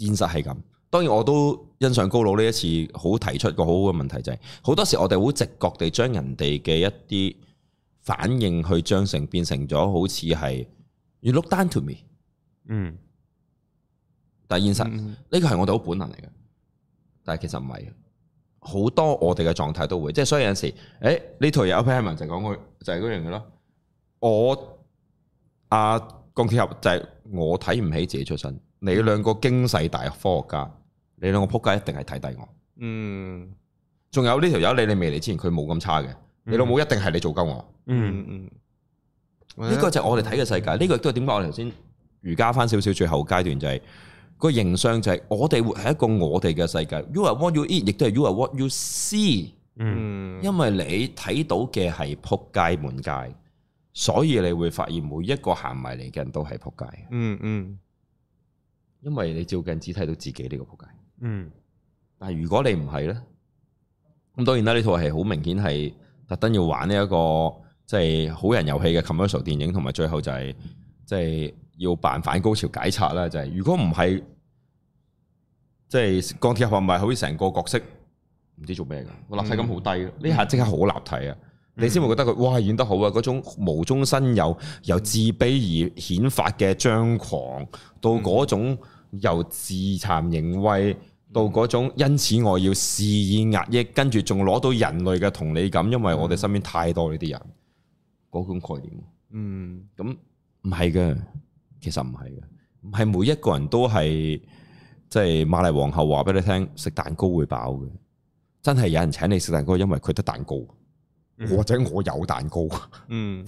現實係咁，當然我都欣賞高佬呢一次好提出一個好好嘅問題，就是，就係好多時候我哋會直覺地將人哋嘅一啲。反應去將成變成咗好似係，you look down to me，嗯，但係現實呢個係我哋好本能嚟嘅，但係其實唔係，好多我哋嘅狀態都會，即係所以有陣時，誒呢條有篇文章就係講佢，就係嗰樣嘢咯。我阿鋼鐵俠就係我睇唔起自己出身，你兩個經世大科學家，你兩個撲街，一定係睇低我。嗯，仲有呢條友，你你未嚟之前佢冇咁差嘅。你老母一定係你做鳩我，嗯，嗯嗯呢個就係我哋睇嘅世界，呢、嗯、個亦都係點解我頭先如加翻少少最後階段就係、是、個、嗯、形象，就係我哋活喺一個我哋嘅世界。You are what you eat，亦都係 You are what you see，嗯，因為你睇到嘅係仆街滿街，所以你會發現每一個行埋嚟嘅人都係仆街，嗯嗯，嗯因為你照鏡只睇到自己呢個仆街，嗯，但係如果你唔係咧，咁當然啦，呢套戲好明顯係。特登要玩呢、這、一個即係、就是、好人遊戲嘅 commercial 電影，同埋最後就係即係要扮反高潮解策啦。就係、是、如果唔係，即、就、係、是、鋼鐵俠係咪好似成個角色唔知做咩㗎？個立體感好低呢，下即刻好立體啊！嗯、你先會覺得佢哇演得好啊！嗰種無中生有，由自卑而顯發嘅張狂，到嗰種由自慘認威。到嗰種因此我要施以壓抑，跟住仲攞到人類嘅同理感，因為我哋身邊太多呢啲人嗰種、那個、概念。嗯，咁唔係嘅，其實唔係嘅，唔係每一個人都係即係瑪麗皇后話俾你聽，食蛋糕會飽嘅。真係有人請你食蛋糕，因為佢得蛋糕，或者我有蛋糕。嗯，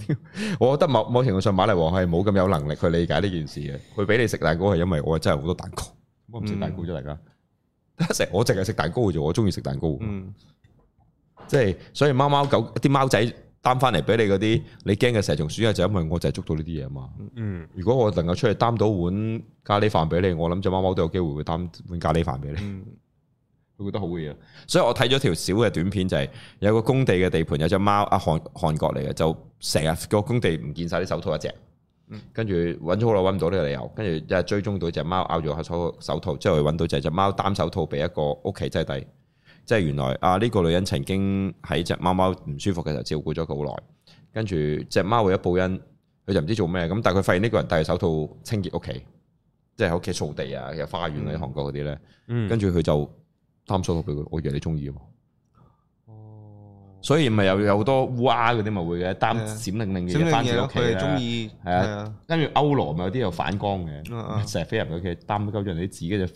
我覺得某某程度上，瑪麗皇后係冇咁有能力去理解呢件事嘅。佢俾你食蛋糕係因為我真係好多蛋糕，嗯、我唔食蛋糕啫，大家。成我淨係食蛋糕嘅啫，我中意食蛋糕。蛋糕嗯，即係所以貓貓狗啲貓仔擔翻嚟俾你嗰啲，你驚嘅蛇蟲鼠蟻就因為我就係捉到呢啲嘢啊嘛。嗯，如果我能夠出去擔到碗咖喱飯俾你，我諗隻貓貓都有機會會擔碗咖喱飯俾你。我、嗯、覺得好嘢，所以我睇咗條小嘅短片，就係、是、有個工地嘅地盤有隻貓，阿韓韓國嚟嘅，就成日個工地唔見晒啲手套一隻。嗯、跟住揾咗好耐，揾唔到呢個理由。跟住一係追蹤到隻貓咬咗下手手套，之後揾到就係隻貓擔手套俾一個屋企姐弟。即係原來啊，呢個女人曾經喺隻貓貓唔舒服嘅時候照顧咗佢好耐。跟住隻貓為咗報恩，佢就唔知做咩。咁但係佢發現呢個人戴手套清潔屋企，即係喺屋企掃地啊，有花園喺韓國嗰啲咧。嗯、跟住佢就擔手套俾佢，我以為你中意啊。所以咪有有好多烏鴉嗰啲咪會嘅擔閃靈靈嘅翻住屋企啦。中意係啊，跟住歐羅咪有啲有反光嘅，成日飛入佢屋企擔夠住你自己就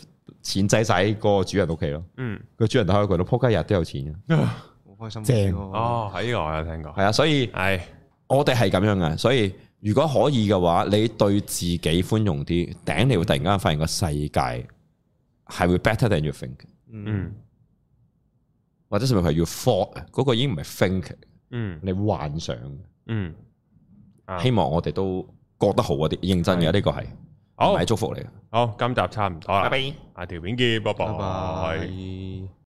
錢仔晒喺個主人屋企咯。嗯，個主人睇開佢都仆街日都有錢嘅。好開心正哦，係有聽過係啊，所以係我哋係咁樣嘅。所以如果可以嘅話，你對自己寬容啲，頂你會突然間發現個世界係會 better than you think。嗯。或者甚至乎係要 thought，嗰個已經唔係 thinking，嗯，你幻想，嗯，啊、希望我哋都過得好一啲。認真嘅呢個係，係嘅，係好係祝福你嘅。好，今集差唔多啦，拜拜，拜拜，下條片見，拜拜。拜拜。